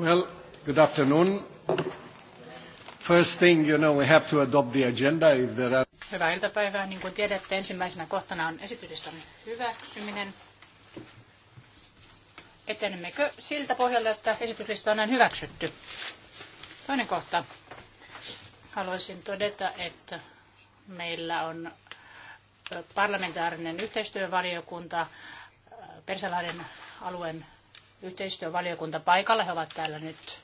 Well, good afternoon. First thing, you know, we have to adopt the agenda if there are... Hyvää iltapäivää. Niin kuin tiedätte, ensimmäisenä kohtana on esityslistan hyväksyminen. Etenemmekö siltä pohjalta, että esityslista on näin hyväksytty? Toinen kohta. Haluaisin todeta, että meillä on parlamentaarinen yhteistyövaliokunta Persalahden alueen yhteistyövaliokunta paikalla. He ovat täällä nyt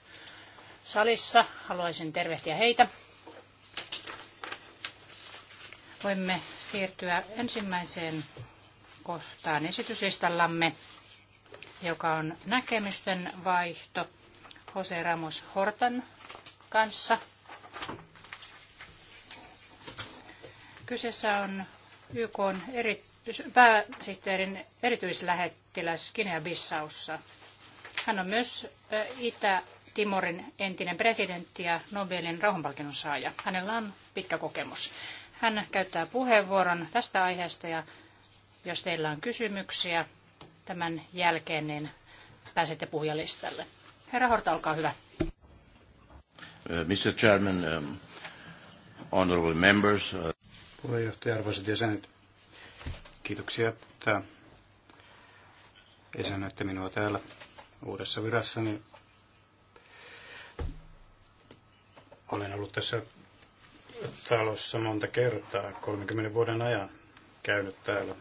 salissa. Haluaisin tervehtiä heitä. Voimme siirtyä ensimmäiseen kohtaan esityslistallamme, joka on näkemysten vaihto Jose Ramos Hortan kanssa. Kyseessä on YK eri, pääsihteerin erityislähettiläs Kinea bissaussa hän on myös Itä-Timorin entinen presidentti ja Nobelin rauhanpalkinnon saaja. Hänellä on pitkä kokemus. Hän käyttää puheenvuoron tästä aiheesta ja jos teillä on kysymyksiä tämän jälkeen, niin pääsette puhujalistalle. Herra Horta, olkaa hyvä. Uh, Mr. Chairman, um, honorable members. Uh... Puheenjohtaja, arvoisat jäsenet, kiitoksia, että esännöitte minua täällä uudessa virassa, niin olen ollut tässä talossa monta kertaa, 30 vuoden ajan käynyt täällä.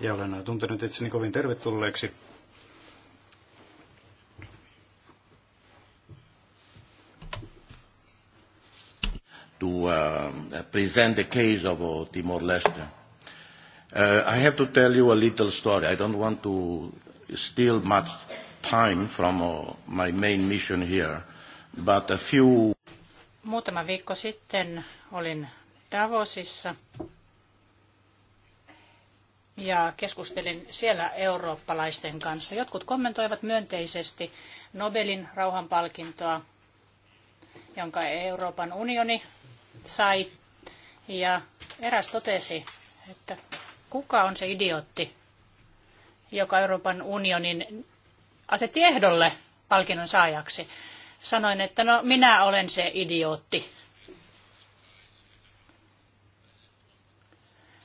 Ja olen tuntenut itseni kovin tervetulleeksi. To uh, present the case of uh, Timor-Leste. Uh, I have to tell you a little story. I don't want to steal much time from uh, my main mission here, but a few... Muutama viikko sitten olin Davosissa ja keskustelin siellä eurooppalaisten kanssa. Jotkut kommentoivat myönteisesti Nobelin rauhanpalkintoa, jonka Euroopan unioni sai. Ja eräs totesi, että Kuka on se idiootti, joka Euroopan unionin asetti ehdolle palkinnon saajaksi? Sanoin, että no minä olen se idiootti.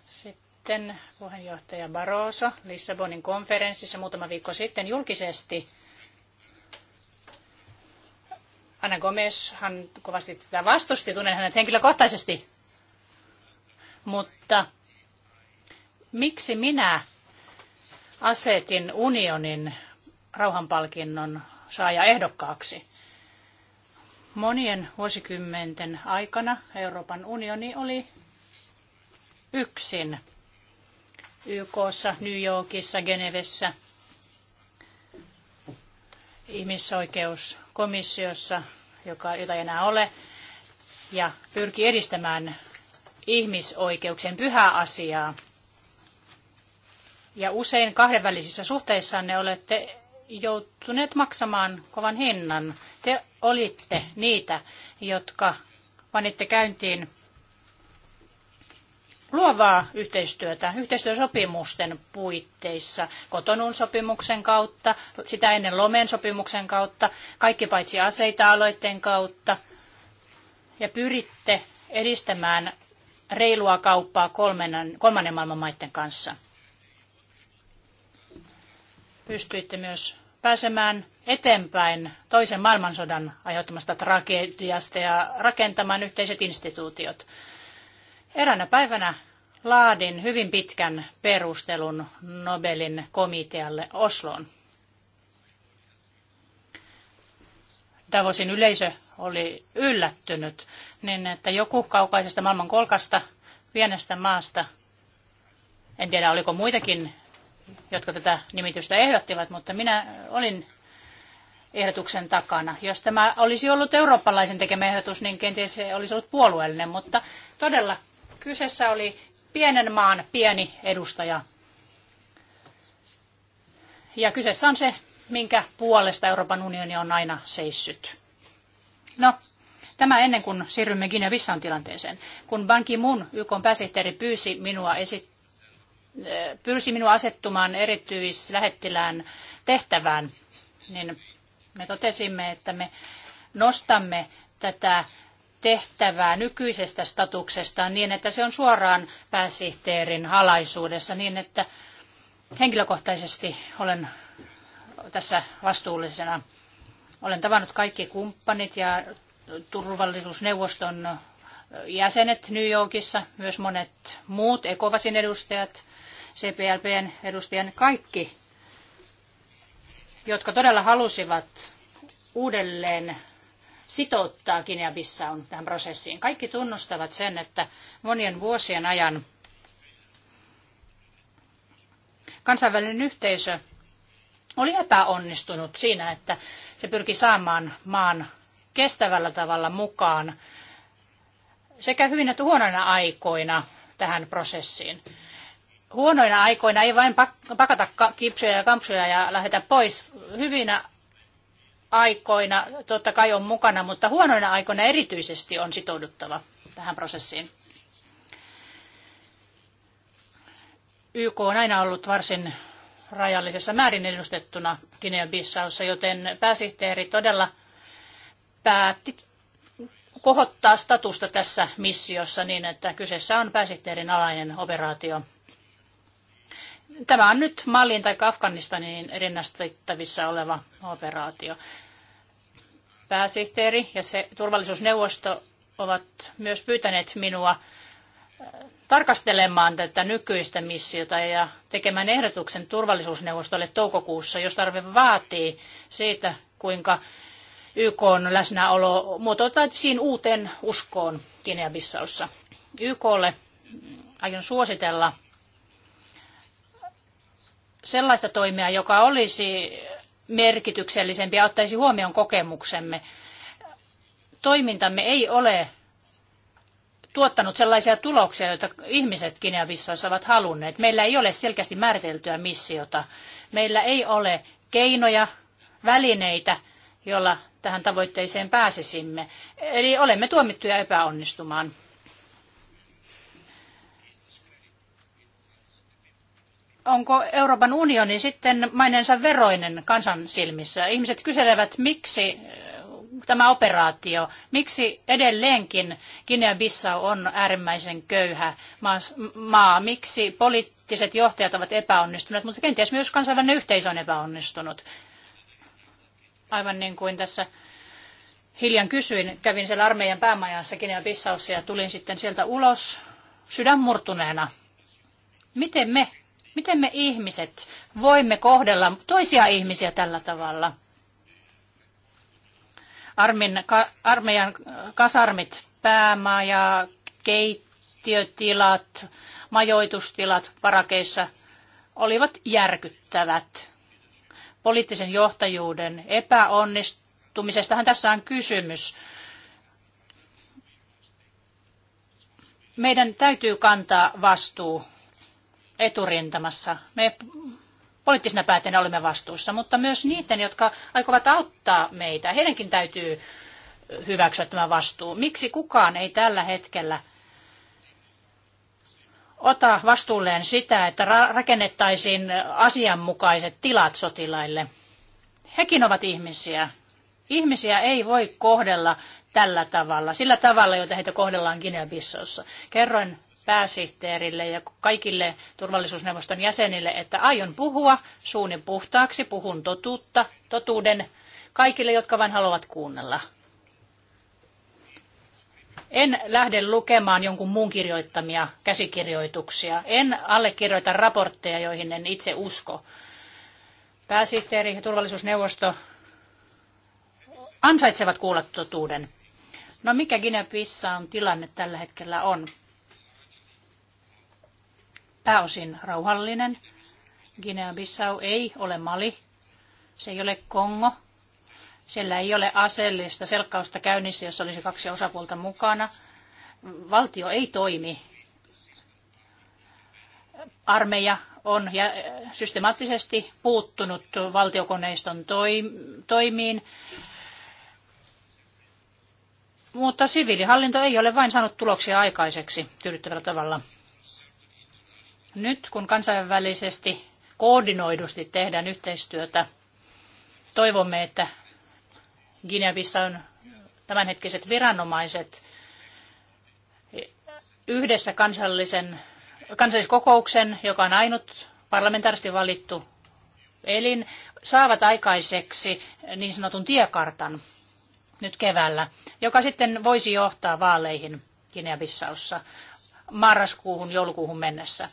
sitten puheenjohtaja Barroso Lissabonin konferenssissa muutama viikko sitten julkisesti. Anna Gomes, hän kovasti tätä vastusti, tunnen hänet henkilökohtaisesti. Mutta Miksi minä asetin unionin rauhanpalkinnon saaja ehdokkaaksi? Monien vuosikymmenten aikana Euroopan unioni oli yksin YKssa, New Yorkissa, Genevessä, ihmisoikeuskomissiossa, joka, jota ei enää ole, ja pyrki edistämään ihmisoikeuksien pyhää asiaa ja usein kahdenvälisissä suhteissanne olette joutuneet maksamaan kovan hinnan. Te olitte niitä, jotka panitte käyntiin luovaa yhteistyötä yhteistyösopimusten puitteissa, kotonun sopimuksen kautta, sitä ennen lomen sopimuksen kautta, kaikki paitsi aseita aloitteen kautta, ja pyritte edistämään reilua kauppaa kolmannen maailman maiden kanssa pystyitte myös pääsemään eteenpäin toisen maailmansodan aiheuttamasta tragediasta ja rakentamaan yhteiset instituutiot. Eräänä päivänä laadin hyvin pitkän perustelun Nobelin komitealle Osloon. Davosin yleisö oli yllättynyt, niin että joku kaukaisesta maailman kolkasta, pienestä maasta, en tiedä oliko muitakin jotka tätä nimitystä ehdottivat, mutta minä olin ehdotuksen takana. Jos tämä olisi ollut eurooppalaisen tekemä ehdotus, niin kenties se olisi ollut puolueellinen, mutta todella kyseessä oli pienen maan pieni edustaja. Ja kyseessä on se, minkä puolesta Euroopan unioni on aina seissyt. No, tämä ennen kuin siirrymme Guinea-Bissan tilanteeseen. Kun Ban Ki-moon, YK pääsihteeri, pyysi minua esittämään pyrsi minua asettumaan erityislähettilään tehtävään, niin me totesimme, että me nostamme tätä tehtävää nykyisestä statuksesta niin, että se on suoraan pääsihteerin halaisuudessa niin, että henkilökohtaisesti olen tässä vastuullisena. Olen tavannut kaikki kumppanit ja turvallisuusneuvoston jäsenet New Yorkissa, myös monet muut ekovasin edustajat, CPLPn edustajien kaikki, jotka todella halusivat uudelleen sitouttaa Guinea-Bissaun tähän prosessiin. Kaikki tunnustavat sen, että monien vuosien ajan kansainvälinen yhteisö oli epäonnistunut siinä, että se pyrki saamaan maan kestävällä tavalla mukaan sekä hyvinä että huonoina aikoina tähän prosessiin. Huonoina aikoina ei vain pakata kipsuja ja kampsuja ja lähdetä pois. Hyvinä aikoina totta kai on mukana, mutta huonoina aikoina erityisesti on sitouduttava tähän prosessiin. YK on aina ollut varsin rajallisessa määrin edustettuna Guinea-Bissaussa, joten pääsihteeri todella päätti kohottaa statusta tässä missiossa niin, että kyseessä on pääsihteerin alainen operaatio. Tämä on nyt Malin tai Afganistanin rinnastettavissa oleva operaatio. Pääsihteeri ja se turvallisuusneuvosto ovat myös pyytäneet minua äh, tarkastelemaan tätä nykyistä missiota ja tekemään ehdotuksen turvallisuusneuvostolle toukokuussa, jos tarve vaatii siitä, kuinka YK on läsnäolo muotoutuisiin uuteen uskoon Guinea-Bissaussa. YKlle aion suositella sellaista toimia, joka olisi merkityksellisempi ja ottaisi huomioon kokemuksemme. Toimintamme ei ole tuottanut sellaisia tuloksia, joita ihmiset Kineavissa ovat halunneet. Meillä ei ole selkeästi määriteltyä missiota. Meillä ei ole keinoja, välineitä, joilla tähän tavoitteeseen pääsisimme. Eli olemme tuomittuja epäonnistumaan. Onko Euroopan unioni sitten mainensa veroinen kansan silmissä? Ihmiset kyselevät, miksi äh, tämä operaatio, miksi edelleenkin Guinea-Bissau on äärimmäisen köyhä maa, miksi poliittiset johtajat ovat epäonnistuneet, mutta kenties myös kansainvälinen yhteisö on epäonnistunut. Aivan niin kuin tässä hiljan kysyin, kävin siellä armeijan päämajassa kinea pissaussa ja tulin sitten sieltä ulos sydänmurtuneena. Miten me, miten me ihmiset voimme kohdella toisia ihmisiä tällä tavalla? Armin, ka, armeijan kasarmit, päämaja, keittiötilat, majoitustilat parakeissa olivat järkyttävät poliittisen johtajuuden epäonnistumisestahan tässä on kysymys. Meidän täytyy kantaa vastuu eturintamassa. Me poliittisina päättäjinä olemme vastuussa, mutta myös niiden, jotka aikovat auttaa meitä, heidänkin täytyy hyväksyä tämä vastuu. Miksi kukaan ei tällä hetkellä – ota vastuulleen sitä, että rakennettaisiin asianmukaiset tilat sotilaille. Hekin ovat ihmisiä. Ihmisiä ei voi kohdella tällä tavalla, sillä tavalla, jota heitä kohdellaan Guinea-Bissossa. Kerroin pääsihteerille ja kaikille turvallisuusneuvoston jäsenille, että aion puhua suunin puhtaaksi, puhun totuutta, totuuden kaikille, jotka vain haluavat kuunnella. En lähde lukemaan jonkun muun kirjoittamia käsikirjoituksia. En allekirjoita raportteja, joihin en itse usko. Pääsihteeri ja turvallisuusneuvosto ansaitsevat kuulla totuuden. No mikä guinea on tilanne tällä hetkellä on? Pääosin rauhallinen. Guinea-Bissau ei ole Mali, se ei ole Kongo, siellä ei ole aseellista selkkausta käynnissä, jossa olisi kaksi osapuolta mukana. Valtio ei toimi. Armeija on eh, systemaattisesti puuttunut valtiokoneiston toimiin, mutta siviilihallinto ei ole vain saanut tuloksia aikaiseksi tyydyttävällä tavalla. Nyt kun kansainvälisesti koordinoidusti tehdään yhteistyötä, toivomme, että guinea on tämänhetkiset viranomaiset yhdessä kansallisen, kansalliskokouksen, joka on ainut parlamentaarisesti valittu elin, saavat aikaiseksi niin sanotun tiekartan nyt keväällä, joka sitten voisi johtaa vaaleihin Guinea-Bissaussa marraskuuhun, joulukuuhun mennessä.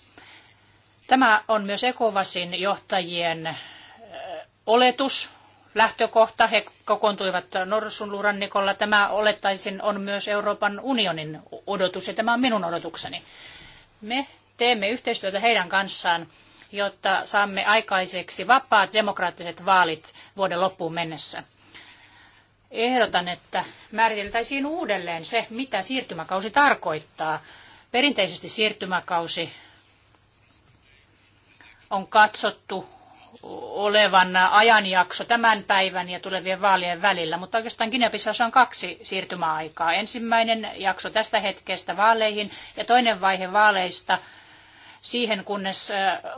Tämä on myös ECOVASin johtajien oletus lähtökohta. He kokoontuivat Norsunluurannikolla. Tämä olettaisin on myös Euroopan unionin odotus ja tämä on minun odotukseni. Me teemme yhteistyötä heidän kanssaan, jotta saamme aikaiseksi vapaat demokraattiset vaalit vuoden loppuun mennessä. Ehdotan, että määriteltäisiin uudelleen se, mitä siirtymäkausi tarkoittaa. Perinteisesti siirtymäkausi on katsottu olevan ajanjakso tämän päivän ja tulevien vaalien välillä, mutta oikeastaan Kinepisassa on kaksi siirtymäaikaa. Ensimmäinen jakso tästä hetkestä vaaleihin ja toinen vaihe vaaleista siihen, kunnes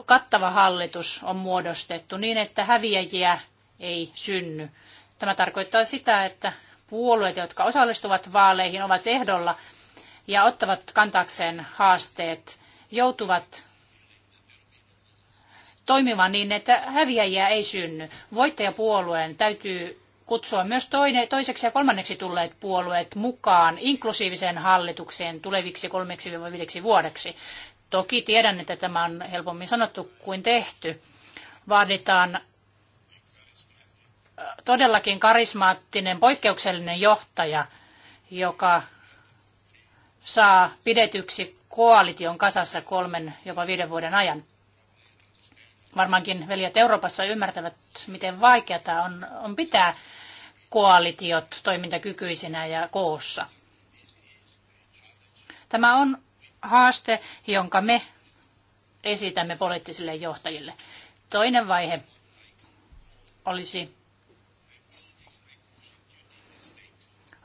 kattava hallitus on muodostettu niin, että häviäjiä ei synny. Tämä tarkoittaa sitä, että puolueet, jotka osallistuvat vaaleihin, ovat ehdolla ja ottavat kantakseen haasteet, joutuvat toimivan niin, että häviäjiä ei synny. Voittajapuolueen täytyy kutsua myös toine, toiseksi ja kolmanneksi tulleet puolueet mukaan inklusiiviseen hallitukseen tuleviksi kolmeksi viideksi vuodeksi. Toki tiedän, että tämä on helpommin sanottu kuin tehty. Vaaditaan äh, todellakin karismaattinen, poikkeuksellinen johtaja, joka saa pidetyksi koalition kasassa kolmen jopa viiden vuoden ajan. Varmaankin veljet Euroopassa ymmärtävät, miten vaikeaa on, on pitää koalitiot toimintakykyisinä ja koossa. Tämä on haaste, jonka me esitämme poliittisille johtajille. Toinen vaihe olisi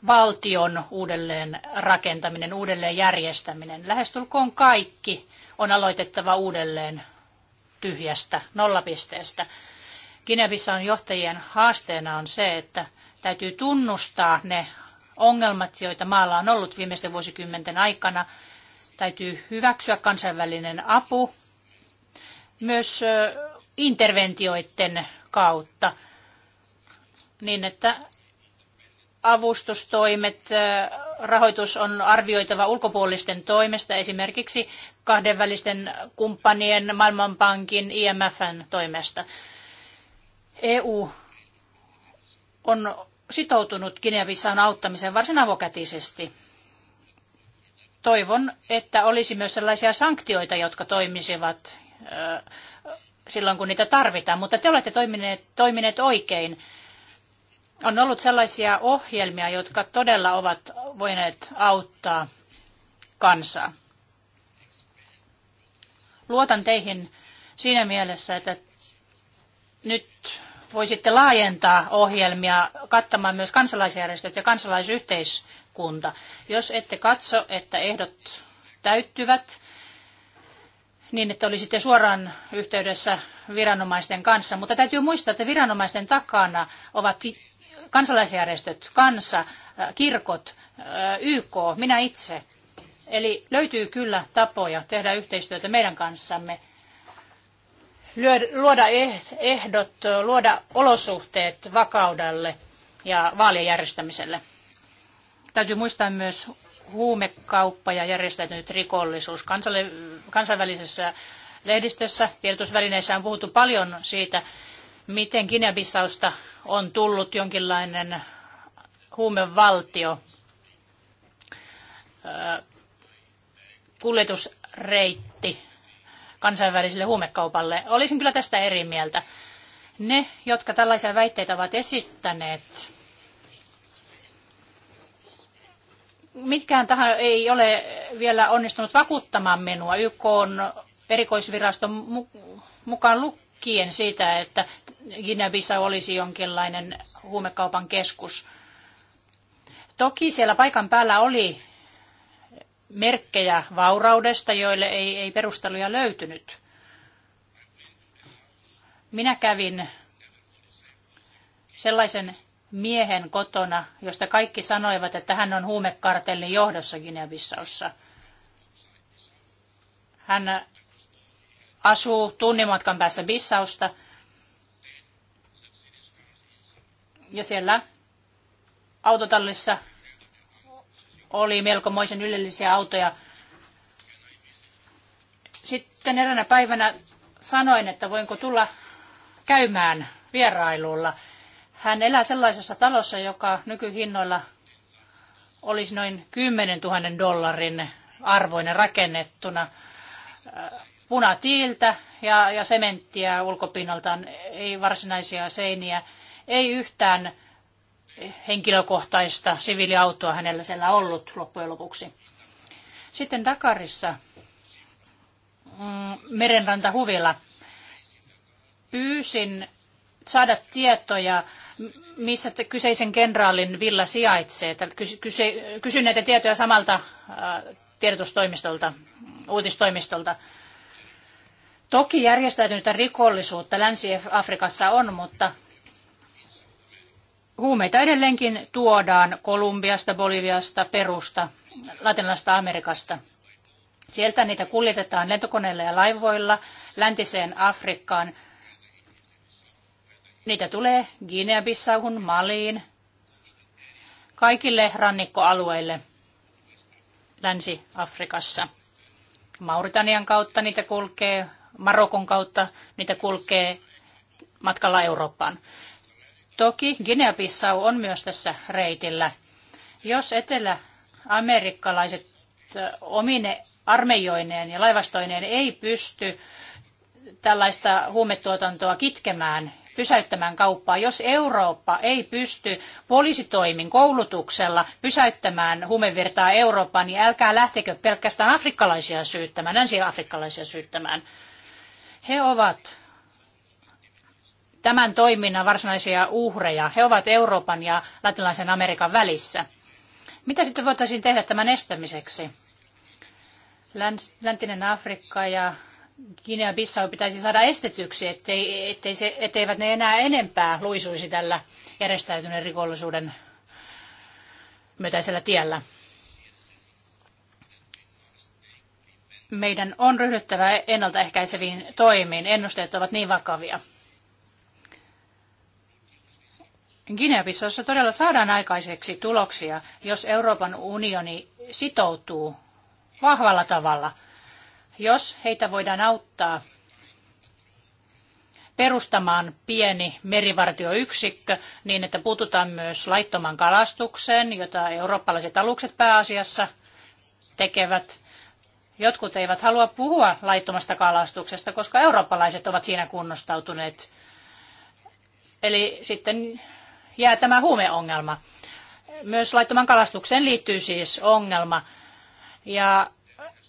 valtion uudelleen rakentaminen, uudelleen järjestäminen. Lähestulkoon kaikki on aloitettava uudelleen tyhjästä nollapisteestä. Kinebissä johtajien haasteena on se, että täytyy tunnustaa ne ongelmat, joita maalla on ollut viimeisten vuosikymmenten aikana. Täytyy hyväksyä kansainvälinen apu myös interventioiden kautta niin, että avustustoimet, rahoitus on arvioitava ulkopuolisten toimesta, esimerkiksi kahdenvälisten kumppanien, Maailmanpankin, IMFn toimesta. EU on sitoutunut Kinevissan auttamiseen varsin avokätisesti. Toivon, että olisi myös sellaisia sanktioita, jotka toimisivat silloin, kun niitä tarvitaan, mutta te olette toimineet, toimineet oikein on ollut sellaisia ohjelmia, jotka todella ovat voineet auttaa kansaa. Luotan teihin siinä mielessä, että nyt voisitte laajentaa ohjelmia kattamaan myös kansalaisjärjestöt ja kansalaisyhteiskunta. Jos ette katso, että ehdot täyttyvät, niin että olisitte suoraan yhteydessä viranomaisten kanssa. Mutta täytyy muistaa, että viranomaisten takana ovat kansalaisjärjestöt, kansa, äh, kirkot, äh, YK, minä itse. Eli löytyy kyllä tapoja tehdä yhteistyötä meidän kanssamme, luoda eh-, ehdot, luoda olosuhteet vakaudelle ja vaalien järjestämiselle. Täytyy muistaa myös huumekauppa ja järjestäytynyt rikollisuus. Kansainvälisessä lehdistössä, tiedotusvälineissä on puhuttu paljon siitä, miten Kinebisausta on tullut jonkinlainen huumevaltio kuljetusreitti kansainväliselle huumekaupalle. Olisin kyllä tästä eri mieltä. Ne, jotka tällaisia väitteitä ovat esittäneet, mitkään tähän ei ole vielä onnistunut vakuuttamaan minua YK on erikoisviraston mukaan lukien siitä, että Guinea-Bissau olisi jonkinlainen huumekaupan keskus. Toki siellä paikan päällä oli merkkejä vauraudesta, joille ei, ei perusteluja löytynyt. Minä kävin sellaisen miehen kotona, josta kaikki sanoivat, että hän on huumekartellin johdossa Guinea-Bissaussa. Hän asuu tunnin matkan päässä Bissausta – Ja siellä autotallissa oli melkomoisen ylellisiä autoja. Sitten eräänä päivänä sanoin, että voinko tulla käymään vierailulla. Hän elää sellaisessa talossa, joka nykyhinnoilla olisi noin 10 000 dollarin arvoinen rakennettuna punatiiltä ja, ja sementtiä ulkopinnaltaan, ei varsinaisia seiniä. Ei yhtään henkilökohtaista siviiliautoa hänellä siellä ollut loppujen lopuksi. Sitten Dakarissa mm, merenranta huvilla pyysin saada tietoja, missä kyseisen kenraalin villa sijaitsee. Kysyin näitä tietoja samalta äh, tiedotustoimistolta, uutistoimistolta. Toki järjestäytynyttä rikollisuutta Länsi-Afrikassa on, mutta Huumeita edelleenkin tuodaan Kolumbiasta, Boliviasta, Perusta, Latinalaisesta Amerikasta. Sieltä niitä kuljetetaan lentokoneilla ja laivoilla läntiseen Afrikkaan. Niitä tulee Guinea-Bissauhun, Maliin, kaikille rannikkoalueille Länsi-Afrikassa. Mauritanian kautta niitä kulkee, Marokon kautta niitä kulkee matkalla Eurooppaan. Toki Guinea-Bissau on myös tässä reitillä. Jos eteläamerikkalaiset omine armeijoineen ja laivastoineen ei pysty tällaista huumetuotantoa kitkemään, pysäyttämään kauppaa, jos Eurooppa ei pysty poliisitoimin koulutuksella pysäyttämään huumevirtaa Eurooppaan, niin älkää lähtekö pelkästään afrikkalaisia syyttämään, länsi-afrikkalaisia syyttämään. He ovat tämän toiminnan varsinaisia uhreja. He ovat Euroopan ja Latinalaisen Amerikan välissä. Mitä sitten voitaisiin tehdä tämän estämiseksi? Läntinen Afrikka ja Guinea-Bissau pitäisi saada estetyksi, ettei, ettei se, etteivät ne enää enempää luisuisi tällä järjestäytyneen rikollisuuden myötäisellä tiellä. Meidän on ryhdyttävä ennaltaehkäiseviin toimiin. Ennusteet ovat niin vakavia. Guinea-Bissaussa todella saadaan aikaiseksi tuloksia, jos Euroopan unioni sitoutuu vahvalla tavalla, jos heitä voidaan auttaa perustamaan pieni merivartioyksikkö niin, että puututaan myös laittoman kalastukseen, jota eurooppalaiset alukset pääasiassa tekevät. Jotkut eivät halua puhua laittomasta kalastuksesta, koska eurooppalaiset ovat siinä kunnostautuneet. Eli sitten jää tämä huumeongelma. Myös laittoman kalastukseen liittyy siis ongelma. Ja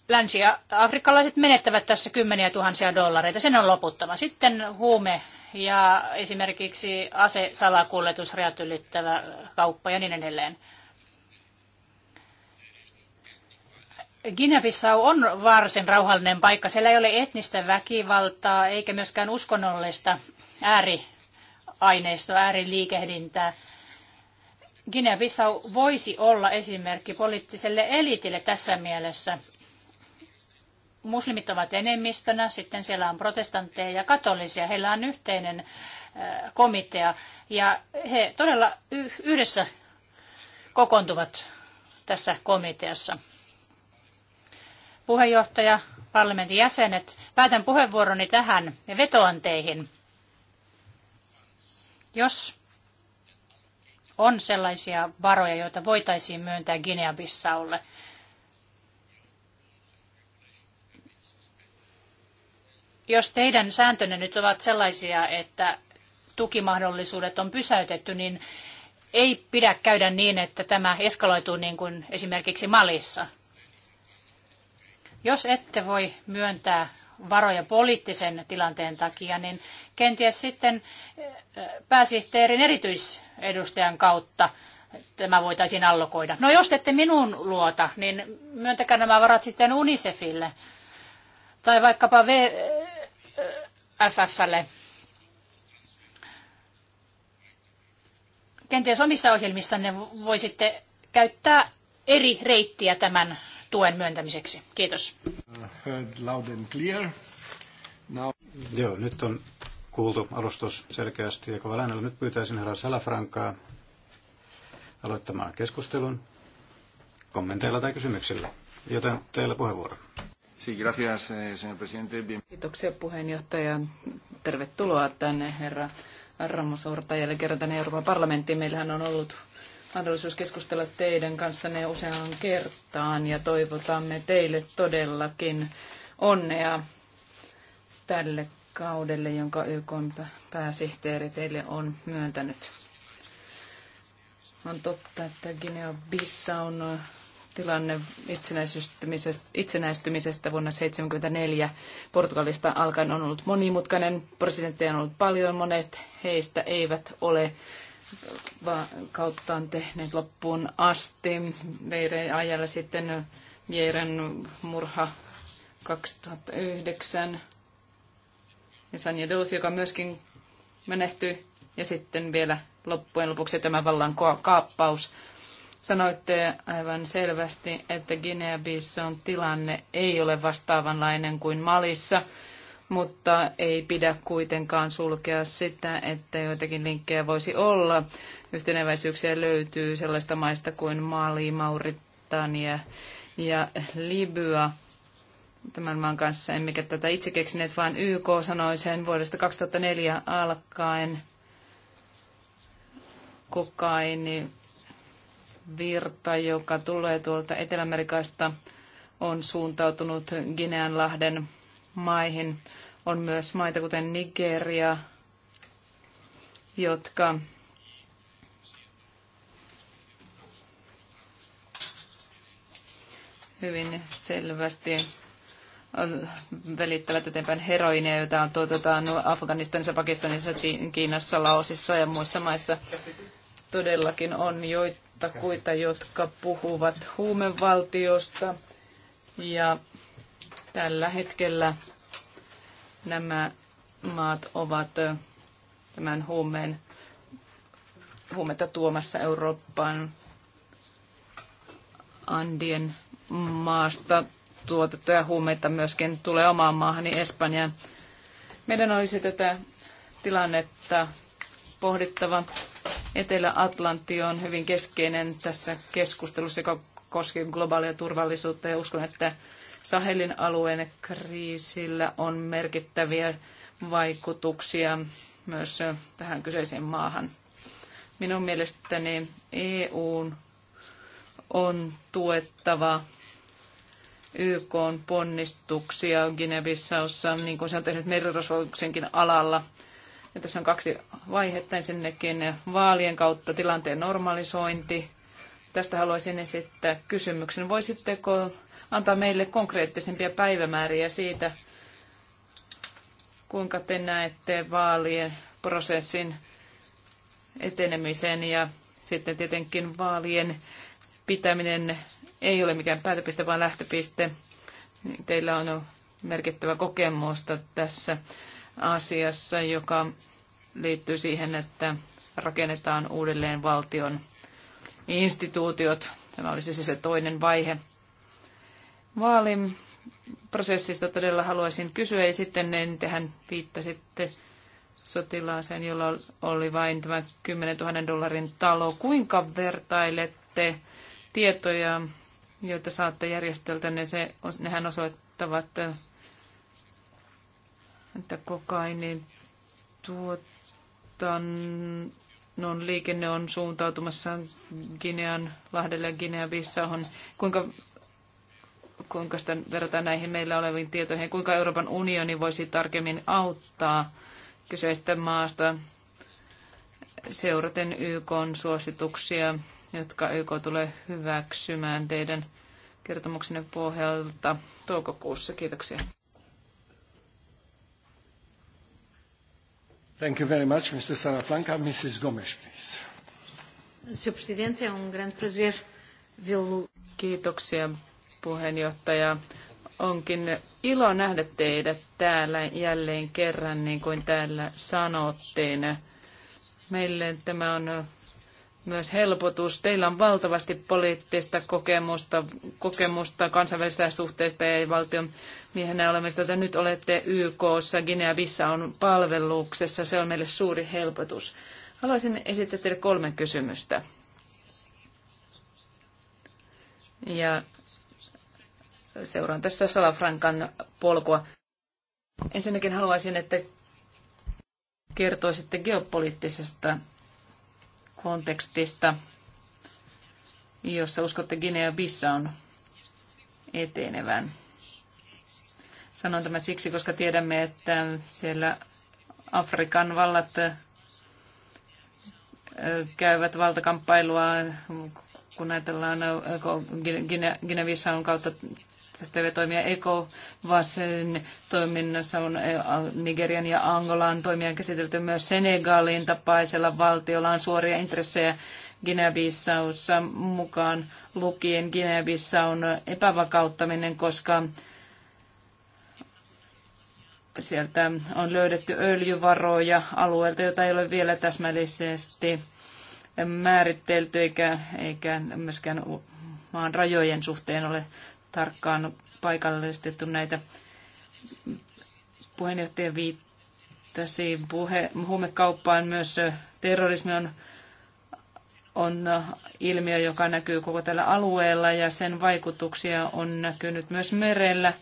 länsi-afrikkalaiset menettävät tässä kymmeniä tuhansia dollareita. Sen on loputtava. Sitten huume ja esimerkiksi salakuljetus, rajat ylittävä kauppa ja niin edelleen. Guinea-Bissau on varsin rauhallinen paikka. Siellä ei ole etnistä väkivaltaa eikä myöskään uskonnollista ääri aineisto, ääriliikehdintää. Guinea-Bissau voisi olla esimerkki poliittiselle elitille tässä mielessä. Muslimit ovat enemmistönä, sitten siellä on protestantteja ja katolisia, heillä on yhteinen äh, komitea ja he todella yhdessä kokoontuvat tässä komiteassa. Puheenjohtaja, parlamentin jäsenet, päätän puheenvuoroni tähän ja vetoan teihin. Jos on sellaisia varoja, joita voitaisiin myöntää Guinea-Bissaulle, jos teidän sääntönne nyt ovat sellaisia, että tukimahdollisuudet on pysäytetty, niin ei pidä käydä niin, että tämä eskaloituu niin kuin esimerkiksi Malissa. Jos ette voi myöntää varoja poliittisen tilanteen takia, niin kenties sitten pääsihteerin erityisedustajan kautta tämä voitaisiin allokoida. No jos ette minun luota, niin myöntäkää nämä varat sitten UNICEFille tai vaikkapa VFFlle. Kenties omissa ohjelmissanne voisitte käyttää eri reittiä tämän tuen myöntämiseksi. Kiitos. Uh, Joo, nyt on kuultu alustus selkeästi. Ja kovalla äänellä nyt pyytäisin herra Salafrankaa aloittamaan keskustelun kommenteilla tai kysymyksillä. Joten teillä puheenvuoro. Eh, Kiitoksia puheenjohtaja. Tervetuloa tänne herra Ramos Ortajalle kerran tänne Euroopan parlamenttiin. Meillähän on ollut mahdollisuus keskustella teidän kanssanne useaan kertaan ja toivotamme teille todellakin onnea tälle kaudelle, jonka YK pääsihteeri teille on myöntänyt. On totta, että Guinea-Bissa on tilanne itsenäistymisestä, itsenäistymisestä vuonna 1974 Portugalista alkaen on ollut monimutkainen. Presidenttejä on ollut paljon, monet heistä eivät ole kauttaan tehneet loppuun asti. Meidän ajalla sitten Jeiren murha 2009 ja Sanja Doos, joka myöskin menehtyi. Ja sitten vielä loppujen lopuksi tämä vallan kaappaus. Sanoitte aivan selvästi, että guinea on tilanne ei ole vastaavanlainen kuin Malissa, mutta ei pidä kuitenkaan sulkea sitä, että joitakin linkkejä voisi olla. Yhteneväisyyksiä löytyy sellaista maista kuin Mali, Mauritania ja Libya tämän maan kanssa, emmekä tätä itse keksineet, vaan YK sanoi sen vuodesta 2004 alkaen kokaini virta, joka tulee tuolta Etelä-Amerikasta, on suuntautunut Gineanlahden maihin. On myös maita kuten Nigeria, jotka hyvin selvästi välittävät eteenpäin heroineja, joita on tuotetaan Afganistanissa, Pakistanissa, Kiinassa, Laosissa ja muissa maissa. Todellakin on joitakuita, jotka puhuvat huumevaltiosta. Ja tällä hetkellä nämä maat ovat tämän huumeen, huumetta tuomassa Eurooppaan Andien maasta tuotettuja huumeita myöskin tulee omaan maahani Espanjaan. Meidän olisi tätä tilannetta pohdittava. Etelä-Atlantti on hyvin keskeinen tässä keskustelussa, joka koskee globaalia turvallisuutta ja uskon, että Sahelin alueen kriisillä on merkittäviä vaikutuksia myös tähän kyseiseen maahan. Minun mielestäni e n on tuettava YK on ponnistuksia Guinea-Bissaussa, niin kuin se on tehnyt merirosvouksenkin alalla. Ja tässä on kaksi vaihetta. Ensinnäkin vaalien kautta tilanteen normalisointi. Tästä haluaisin esittää kysymyksen. Voisitteko antaa meille konkreettisempia päivämääriä siitä, kuinka te näette vaalien prosessin etenemisen ja sitten tietenkin vaalien pitäminen ei ole mikään päätöpiste, vaan lähtöpiste. Teillä on merkittävä kokemusta tässä asiassa, joka liittyy siihen, että rakennetaan uudelleen valtion instituutiot. Tämä olisi siis se toinen vaihe. prosessista todella haluaisin kysyä, ja sitten niin tehän viittasitte sotilaaseen, jolla oli vain tämä 10 000 dollarin talo. Kuinka vertailette tietoja joita saatte järjestöltä, ne se, nehän osoittavat, että kokainin tuotannon liikenne on suuntautumassa Ginean lahdelle ja Ginean Bissahon. Kuinka, kuinka sitä verrataan näihin meillä oleviin tietoihin? Kuinka Euroopan unioni voisi tarkemmin auttaa kyseistä maasta seuraten YK suosituksia? jotka YK tulee hyväksymään teidän kertomuksenne pohjalta toukokuussa. Kiitoksia. Thank you very much, Mr. Salaflanka. Mrs. Gomes, please. Presidente, é um prazer Kiitoksia, puheenjohtaja. Onkin ilo nähdä teidät täällä jälleen kerran, niin kuin täällä sanottiin. Meille tämä on myös helpotus. Teillä on valtavasti poliittista kokemusta, kokemusta kansainvälisistä suhteista ja valtion miehenä olemista, että nyt olette YKssa, guinea Vissa on palveluksessa, se on meille suuri helpotus. Haluaisin esittää teille kolme kysymystä. Ja seuraan tässä Salafrankan polkua. Ensinnäkin haluaisin, että kertoisitte geopoliittisesta kontekstista, jossa uskotte Guinea-Bissa on etenevän. Sanon tämän siksi, koska tiedämme, että siellä Afrikan vallat käyvät valtakamppailua, kun ajatellaan Guinea-Bissaun kautta tv Eko Vasen toiminnassa on eh, Nigerian ja Angolan toimia käsitelty myös Senegalin tapaisella valtiolla on suoria intressejä Guinea-Bissaussa mukaan lukien guinea on epävakauttaminen, koska sieltä on löydetty öljyvaroja alueelta, jota ei ole vielä täsmällisesti määritelty eikä, eikä myöskään maan rajojen suhteen ole tarkkaan paikallistettu näitä. puheenjohtajan viittasi puhe, huumekauppaan myös terrorismi on, on ilmiö, joka näkyy koko tällä alueella ja sen vaikutuksia on näkynyt myös merellä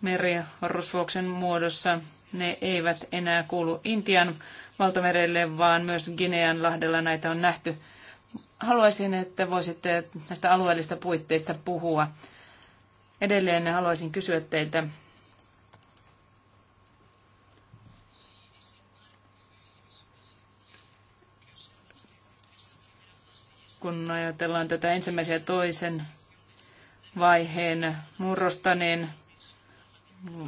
merirosvouksen muodossa. Ne eivät enää kuulu Intian valtamerelle, vaan myös Ginean lahdella näitä on nähty haluaisin, että voisitte näistä alueellista puitteista puhua. Edelleen haluaisin kysyä teiltä, kun ajatellaan tätä ensimmäisen ja toisen vaiheen murrosta, niin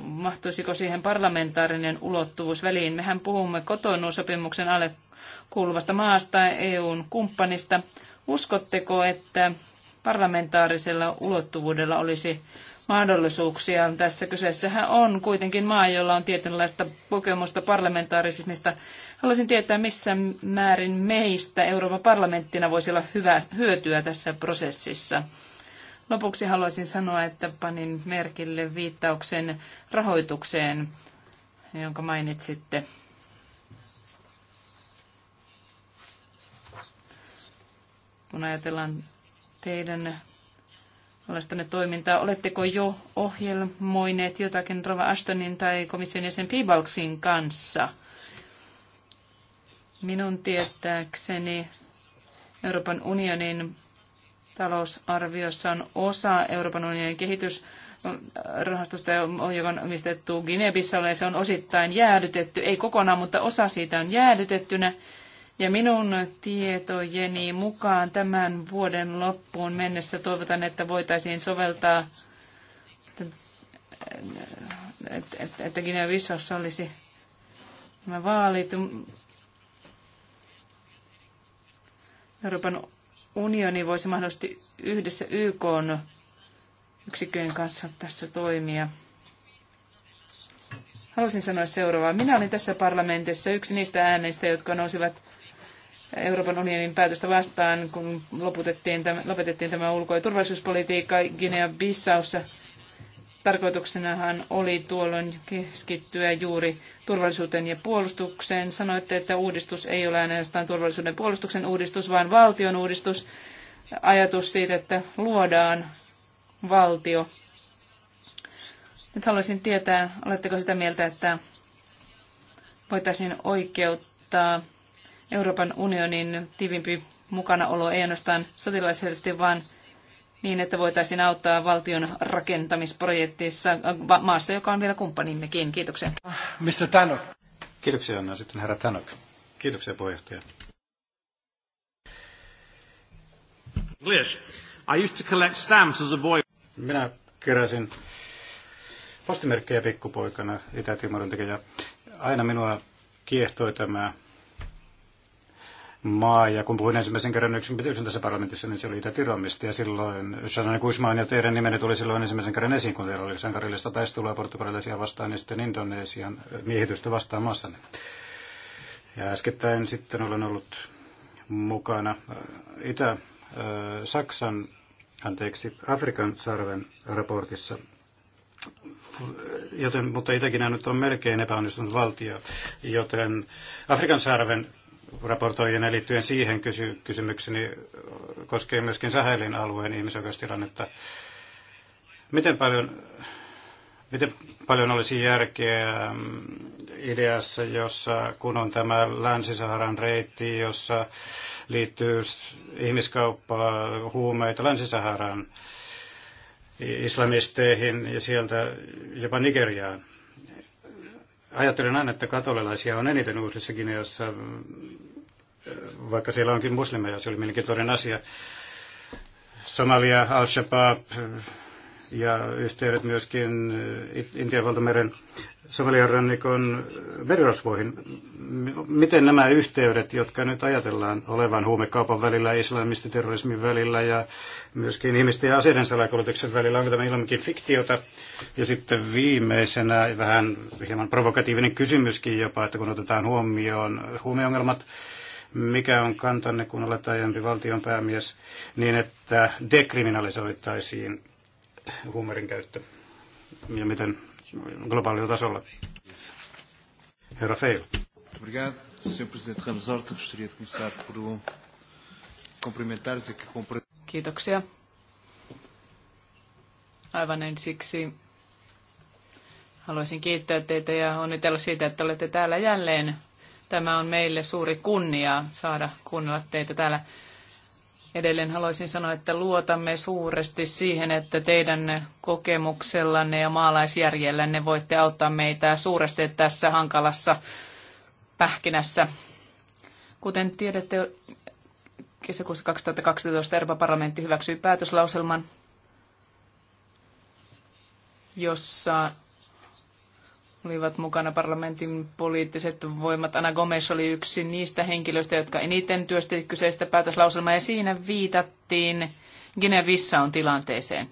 mahtuisiko siihen parlamentaarinen ulottuvuus väliin? Mehän puhumme kotonuusopimuksen alle kuuluvasta maasta, EUn kumppanista. Uskotteko, että parlamentaarisella ulottuvuudella olisi mahdollisuuksia. Tässä kyseessähän on kuitenkin maa, jolla on tietynlaista kokemusta parlamentaarisista. Haluaisin tietää, missä määrin meistä Euroopan parlamenttina voisi olla hyvä hyötyä tässä prosessissa. Lopuksi haluaisin sanoa, että panin merkille viittauksen rahoitukseen, jonka mainitsitte. Kun ajatellaan teidän ne toimintaa. Oletteko jo ohjelmoineet jotakin Rova Ashtonin tai komission jäsen Pibalksin kanssa? Minun tietääkseni Euroopan unionin talousarviossa on osa Euroopan unionin kehitysrahastosta, joka on omistettu Guinea-Bissalle, ja se on osittain jäädytetty, ei kokonaan, mutta osa siitä on jäädytettynä. Ja minun tietojeni mukaan tämän vuoden loppuun mennessä toivotan, että voitaisiin soveltaa, että, että, että Guinea-Bissaussa olisi nämä vaalit. Euroopan unioni voisi mahdollisesti yhdessä YK yksikön kanssa tässä toimia. Haluaisin sanoa seuraavaa. Minä olin tässä parlamentissa yksi niistä äänistä, jotka nousivat Euroopan unionin päätöstä vastaan, kun lopetettiin tämä, lopetettiin tämä ulko- ja turvallisuuspolitiikka Guinea-Bissaussa. Tarkoituksenahan oli tuolloin keskittyä juuri turvallisuuteen ja puolustukseen. Sanoitte, että uudistus ei ole ainoastaan turvallisuuden puolustuksen uudistus, vaan valtion uudistus. Ajatus siitä, että luodaan valtio. Nyt haluaisin tietää, oletteko sitä mieltä, että voitaisiin oikeuttaa Euroopan unionin tiivimpi mukanaolo ei ainoastaan sotilaisesti, vaan niin, että voitaisiin auttaa valtion rakentamisprojektissa maassa, joka on vielä kumppanimmekin. Kiitoksia. Mr. Tanok. Kiitoksia Anna. Sitten herra Tanok. Kiitoksia puheenjohtaja. English. I used to collect stamps as a boy. Minä keräsin postimerkkejä pikkupoikana Itä-Timorin tekijä. Aina minua kiehtoi tämä maa. Ja kun puhuin ensimmäisen kerran 99 tässä parlamentissa, niin se oli Itä-Tiromista. Ja silloin Shannon Guzman ja teidän nimenne tuli silloin ensimmäisen kerran esiin, kun teillä oli sankarillista taistelua portugalilaisia vastaan ja sitten Indonesian miehitystä vastaan maassanne. Ja äskettäin sitten olen ollut mukana äh, Itä-Saksan, äh, anteeksi, Afrikan sarven raportissa, joten, mutta Itäkinä nyt on melkein epäonnistunut valtio, joten Afrikan sarven raportoijana liittyen siihen kysy- kysymykseni koskee myöskin Sahelin alueen ihmisoikeustilannetta. Miten paljon, miten paljon olisi järkeä mm, ideassa, jossa kun on tämä Länsi-Saharan reitti, jossa liittyy ihmiskauppaa, huumeita Länsi-Saharan islamisteihin ja sieltä jopa Nigeriaan. Ajattelen aina, että katolilaisia on eniten uusissa Gineassa, vaikka siellä onkin muslimeja, se oli mielenkiintoinen asia. Somalia, Al-Shabaab ja yhteydet myöskin Intian valtameren Somalian rannikon merirosvoihin. Miten nämä yhteydet, jotka nyt ajatellaan olevan huumekaupan välillä, islamistiterrorismin välillä ja myöskin ihmisten ja aseiden salakulutuksen välillä, onko tämä ilmankin fiktiota? Ja sitten viimeisenä vähän hieman provokatiivinen kysymyskin jopa, että kun otetaan huomioon huumeongelmat, mikä on kantanne, kun olet aiempi valtion päämies, niin että dekriminalisoitaisiin huumerin käyttö ja miten globaalilla tasolla. Herra Feil. Um, Kiitoksia. Aivan ensiksi haluaisin kiittää teitä ja onnitella siitä, että olette täällä jälleen. Tämä on meille suuri kunnia saada kuunnella teitä täällä Edelleen haluaisin sanoa, että luotamme suuresti siihen, että teidän kokemuksellanne ja maalaisjärjellänne voitte auttaa meitä suuresti tässä hankalassa pähkinässä. Kuten tiedätte, kesäkuussa 2012 Euroopan parlamentti hyväksyi päätöslauselman, jossa olivat mukana parlamentin poliittiset voimat. Ana Gomes oli yksi niistä henkilöistä, jotka eniten työsti kyseistä päätöslauselmaa, ja siinä viitattiin Genevissa on tilanteeseen.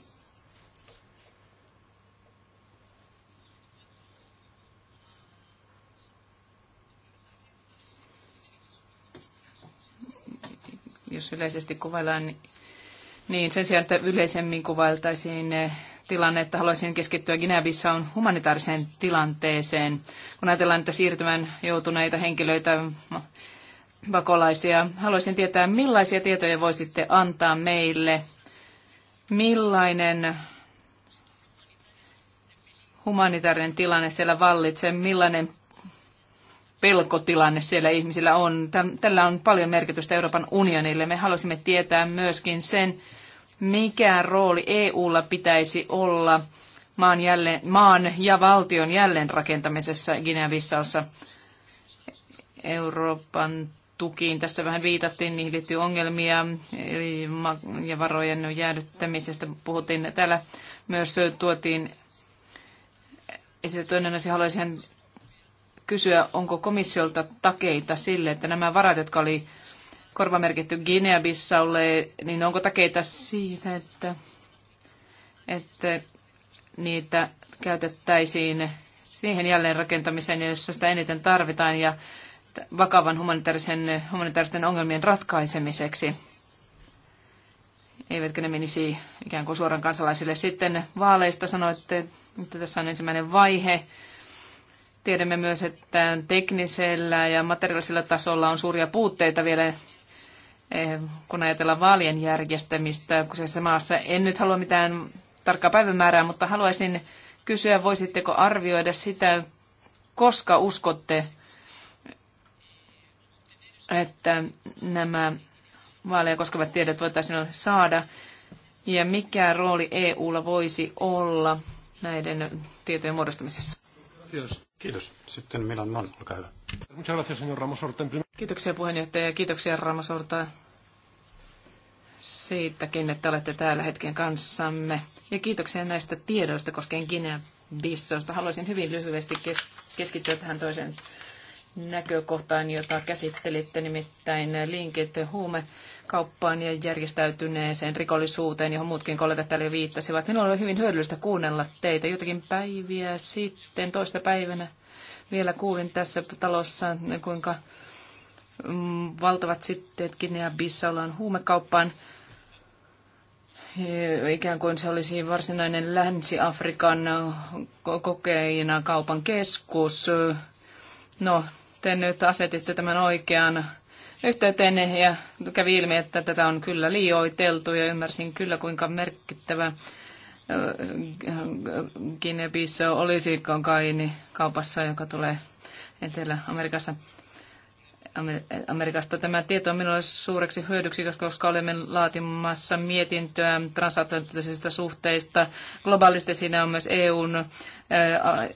Jos yleisesti kuvaillaan, niin sen sijaan, että yleisemmin kuvailtaisiin tilanne, että Haluaisin keskittyä Guinea-Bissaun humanitaariseen tilanteeseen. Kun ajatellaan että siirtymään joutuneita henkilöitä, pakolaisia, haluaisin tietää, millaisia tietoja voisitte antaa meille. Millainen humanitaarinen tilanne siellä vallitsee, millainen pelkotilanne siellä ihmisillä on. Tällä on paljon merkitystä Euroopan unionille. Me halusimme tietää myöskin sen, mikä rooli EUlla pitäisi olla maan, jälleen, maan ja valtion jälleenrakentamisessa Guinea-Bissaussa. Euroopan tukiin tässä vähän viitattiin, niihin liittyy ongelmia ja varojen jäädyttämisestä puhuttiin. Täällä myös tuotiin esille toinen asia, haluaisin kysyä, onko komissiolta takeita sille, että nämä varat, jotka oli korvamerkitty Guinea-Bissaulle, niin onko takeita siitä, että, että niitä käytettäisiin siihen jälleenrakentamiseen, jossa sitä eniten tarvitaan ja vakavan humanitaarisen, humanitaaristen ongelmien ratkaisemiseksi. Eivätkö ne menisi ikään kuin suoraan kansalaisille. Sitten vaaleista sanoitte, että tässä on ensimmäinen vaihe. Tiedämme myös, että teknisellä ja materiaalisella tasolla on suuria puutteita vielä Eh, kun ajatellaan vaalien järjestämistä kyseisessä maassa. En nyt halua mitään tarkkaa päivämäärää, mutta haluaisin kysyä, voisitteko arvioida sitä, koska uskotte, että nämä vaaleja koskevat tiedot voitaisiin saada, ja mikä rooli EUlla voisi olla näiden tietojen muodostamisessa? Kiitos. Kiitos. Sitten Milan Mon, olkaa hyvä. Kiitoksia puheenjohtaja ja kiitoksia Ramos Orta siitäkin, että olette täällä hetken kanssamme. Ja kiitoksia näistä tiedoista koskien Guinea Bissausta. Haluaisin hyvin lyhyesti kes- keskittyä tähän toiseen näkökohtaan, jota käsittelitte, nimittäin linkit huume kauppaan ja järjestäytyneeseen rikollisuuteen, johon muutkin kollegat täällä jo viittasivat. Minulla oli hyvin hyödyllistä kuunnella teitä jotakin päiviä sitten, toista päivänä vielä kuulin tässä talossa, kuinka mm, valtavat sitten, Guinea-Bissaulla on huumekauppaan. Ikään kuin se olisi varsinainen Länsi-Afrikan kokeina kaupan keskus. No, te nyt asetitte tämän oikean yhteyteen ja kävi ilmi, että tätä on kyllä liioiteltu ja ymmärsin kyllä kuinka merkittävä äh, guinea olisi kokaini kaupassa, joka tulee Etelä-Amerikassa. Amerikasta. Tämä tieto on minulle suureksi hyödyksi, koska olemme laatimassa mietintöä transatlanttisista suhteista. Globaalisti siinä on myös EUn, äh,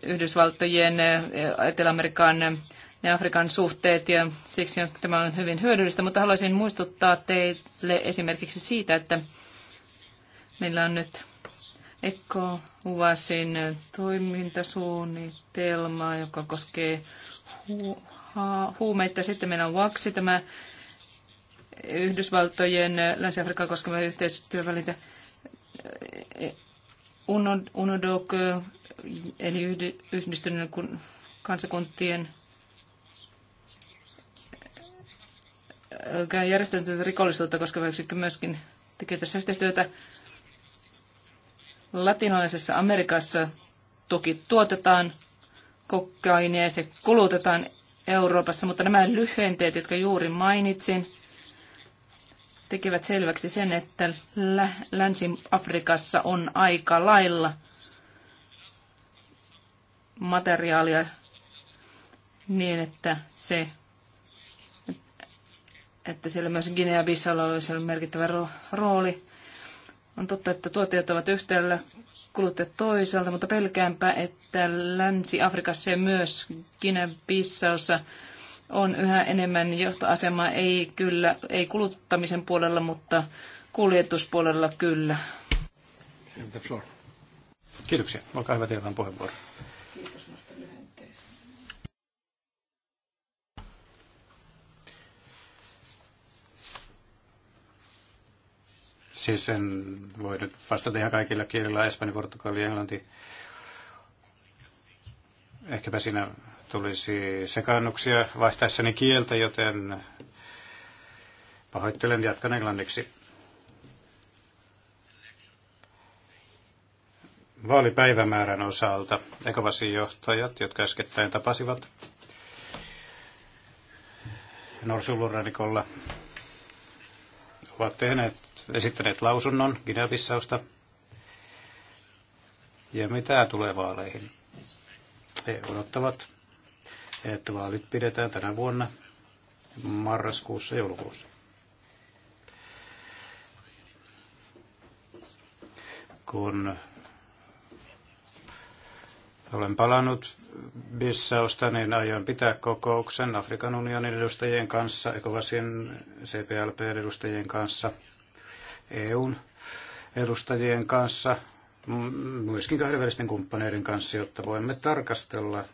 Yhdysvaltojen, äh, Etelä-Amerikan ja Afrikan suhteet ja siksi tämä on hyvin hyödyllistä, mutta haluaisin muistuttaa teille esimerkiksi siitä, että meillä on nyt Eko Uvasin toimintasuunnitelma, joka koskee hu- ha- huumeita. Sitten meillä on VAKSI, tämä Yhdysvaltojen länsi afrikan koskeva yhteistyövälintä. UNODOC, eli yhdistyneen kansakuntien järjestäytynyt rikollisuutta koskeva yksikkö myöskin tekee tässä yhteistyötä. Latinalaisessa Amerikassa toki tuotetaan kokkainia ja se kulutetaan Euroopassa, mutta nämä lyhenteet, jotka juuri mainitsin, tekevät selväksi sen, että Länsi-Afrikassa on aika lailla materiaalia niin, että se että siellä myös Guinea-Bissaulla on merkittävä rooli. On totta, että tuottajat ovat yhtäällä, kuluttajat toisaalta, mutta pelkäänpä, että Länsi-Afrikassa ja myös Guinea-Bissaussa on yhä enemmän johtoasemaa, ei kyllä, ei kuluttamisen puolella, mutta kuljetuspuolella kyllä. Kiitoksia. Olkaa hyvä, teillä on puheenvuoro. Siis en voi nyt vastata ihan kaikilla kielillä, espanja, portugali, englanti. Ehkäpä siinä tulisi sekaannuksia vaihtaessani kieltä, joten pahoittelen, jatkan englanniksi. Vaalipäivämäärän osalta ekovasin johtajat, jotka äskettäin tapasivat Norsulurannikolla, ovat tehneet esittäneet lausunnon Guinea-Bissausta ja mitä tulee vaaleihin. He odottavat, että vaalit pidetään tänä vuonna marraskuussa joulukuussa. Kun olen palannut Bissausta, niin aion pitää kokouksen Afrikan unionin edustajien kanssa, ECOWASin CPLP-edustajien kanssa – EUn edustajien kanssa, myöskin kahdenvälisten kumppaneiden kanssa, jotta voimme tarkastella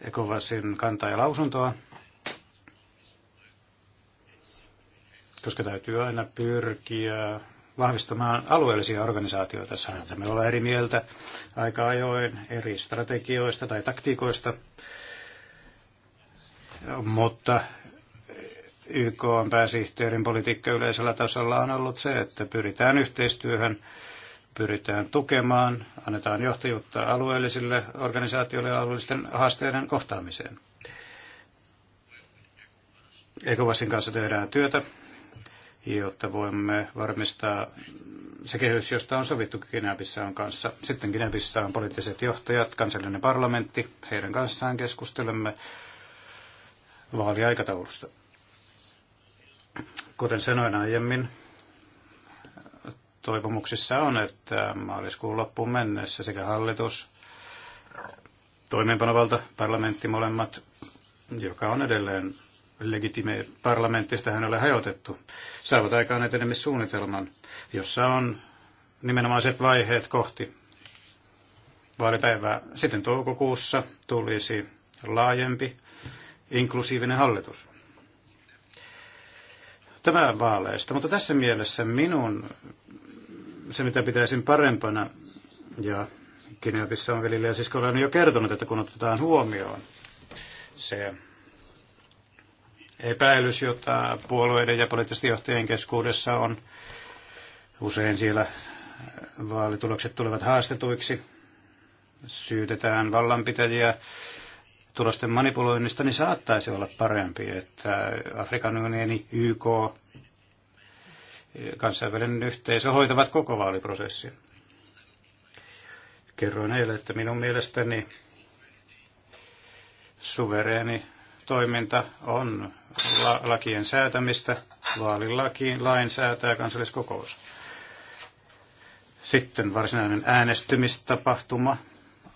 Ekovasin kantaa ja lausuntoa, koska täytyy aina pyrkiä vahvistamaan alueellisia organisaatioita. me ollaan eri mieltä aika ajoin eri strategioista tai taktiikoista, mutta YK on pääsihteerin politiikka yleisellä tasolla on ollut se, että pyritään yhteistyöhön, pyritään tukemaan, annetaan johtajuutta alueellisille organisaatioille ja alueellisten haasteiden kohtaamiseen. Ekovasin kanssa tehdään työtä, jotta voimme varmistaa se kehys, josta on sovittu on kanssa. Sitten on poliittiset johtajat, kansallinen parlamentti, heidän kanssaan keskustelemme vaaliaikataulusta. Kuten sanoin aiemmin, toivomuksissa on, että maaliskuun loppuun mennessä sekä hallitus, toimeenpanovalta, parlamentti molemmat, joka on edelleen legitime parlamentista hän ole hajotettu, saavat aikaan etenemissuunnitelman, jossa on nimenomaiset vaiheet kohti vaalipäivää. Sitten toukokuussa tulisi laajempi inklusiivinen hallitus. Tämä vaaleista. Mutta tässä mielessä minun, se mitä pitäisin parempana, ja Kineotissa on velillä ja siskolla on jo kertonut, että kun otetaan huomioon se epäilys, jota puolueiden ja poliittisten johtajien keskuudessa on. Usein siellä vaalitulokset tulevat haastetuiksi. Syytetään vallanpitäjiä tulosten manipuloinnista, niin saattaisi olla parempi, että Afrikan unioni, YK, kansainvälinen yhteisö hoitavat koko vaaliprosessin. Kerroin heille, että minun mielestäni suvereeni toiminta on la- lakien säätämistä. Vaalilakiin lain säätää kansalliskokous. Sitten varsinainen äänestymistapahtuma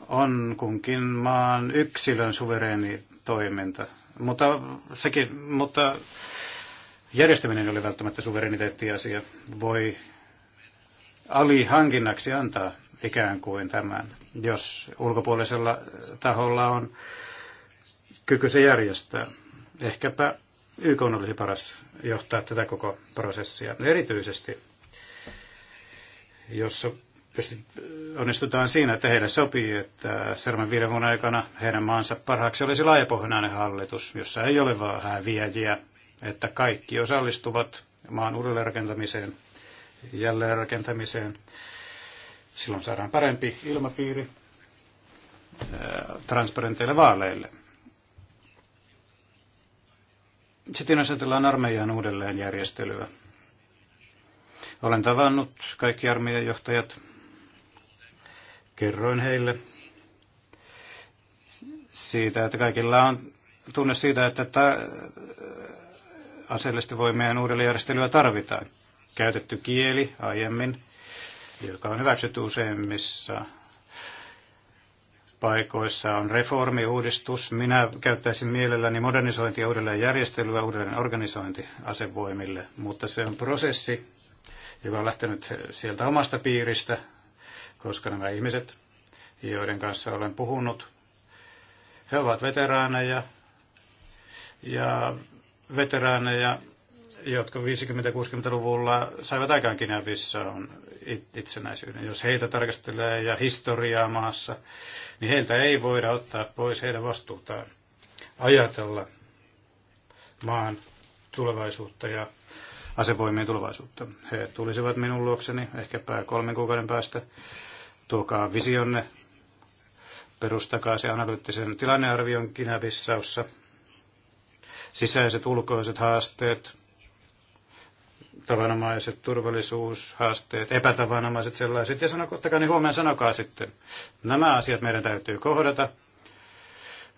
on kunkin maan yksilön suvereeni toiminta. Mutta, sekin, mutta järjestäminen oli ole välttämättä suvereniteettiasia. Voi alihankinnaksi antaa ikään kuin tämän, jos ulkopuolisella taholla on kyky se järjestää. Ehkäpä YK olisi paras johtaa tätä koko prosessia, erityisesti jos pystyt, onnistutaan siinä, että heille sopii, että seuraavan viiden vuoden aikana heidän maansa parhaaksi olisi laajapohjainen hallitus, jossa ei ole vaan häviäjiä, että kaikki osallistuvat maan uudelleenrakentamiseen, jälleenrakentamiseen. Silloin saadaan parempi ilmapiiri transparenteille vaaleille. Sitten asetellaan armeijan uudelleenjärjestelyä. Olen tavannut kaikki armeijan johtajat Kerroin heille siitä, että kaikilla on tunne siitä, että ta- äh, aseellisten voimien uudelleenjärjestelyä tarvitaan. Käytetty kieli aiemmin, joka on hyväksytty useimmissa paikoissa on reformi, uudistus. Minä käyttäisin mielelläni modernisointi, ja järjestelyä, uudelleen organisointi asevoimille, mutta se on prosessi, joka on lähtenyt sieltä omasta piiristä, koska nämä ihmiset, joiden kanssa olen puhunut, he ovat veteraaneja ja veteraaneja, jotka 50-60-luvulla saivat aikaan Kinevissä on itsenäisyyden. Jos heitä tarkastelee ja historiaa maassa, niin heiltä ei voida ottaa pois heidän vastuutaan ajatella maan tulevaisuutta ja asevoimien tulevaisuutta. He tulisivat minun luokseni ehkäpä kolmen kuukauden päästä Tuokaa visionne, perustakaa se analyyttisen tilannearvion kinävissaussa, sisäiset ulkoiset haasteet, tavanomaiset turvallisuushaasteet, epätavanomaiset sellaiset, ja sanokottakaa, niin huomenna sanokaa sitten. Nämä asiat meidän täytyy kohdata,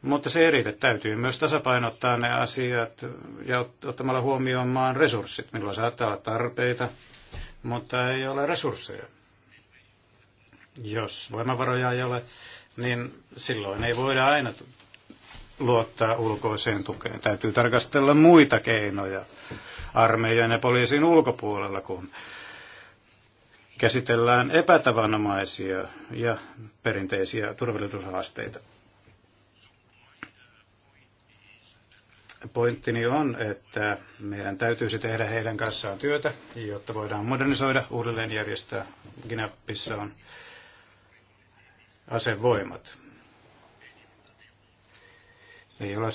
mutta se erite täytyy myös tasapainottaa ne asiat ja ottamalla huomioon maan resurssit, millä saattaa olla tarpeita, mutta ei ole resursseja. Jos voimavaroja ei ole, niin silloin ei voida aina luottaa ulkoiseen tukeen. Täytyy tarkastella muita keinoja armeijan ja poliisin ulkopuolella, kun käsitellään epätavanomaisia ja perinteisiä turvallisuushaasteita. Pointtini on, että meidän täytyisi tehdä heidän kanssaan työtä, jotta voidaan modernisoida, uudelleen järjestää Ginapissa on asevoimat. Ei ole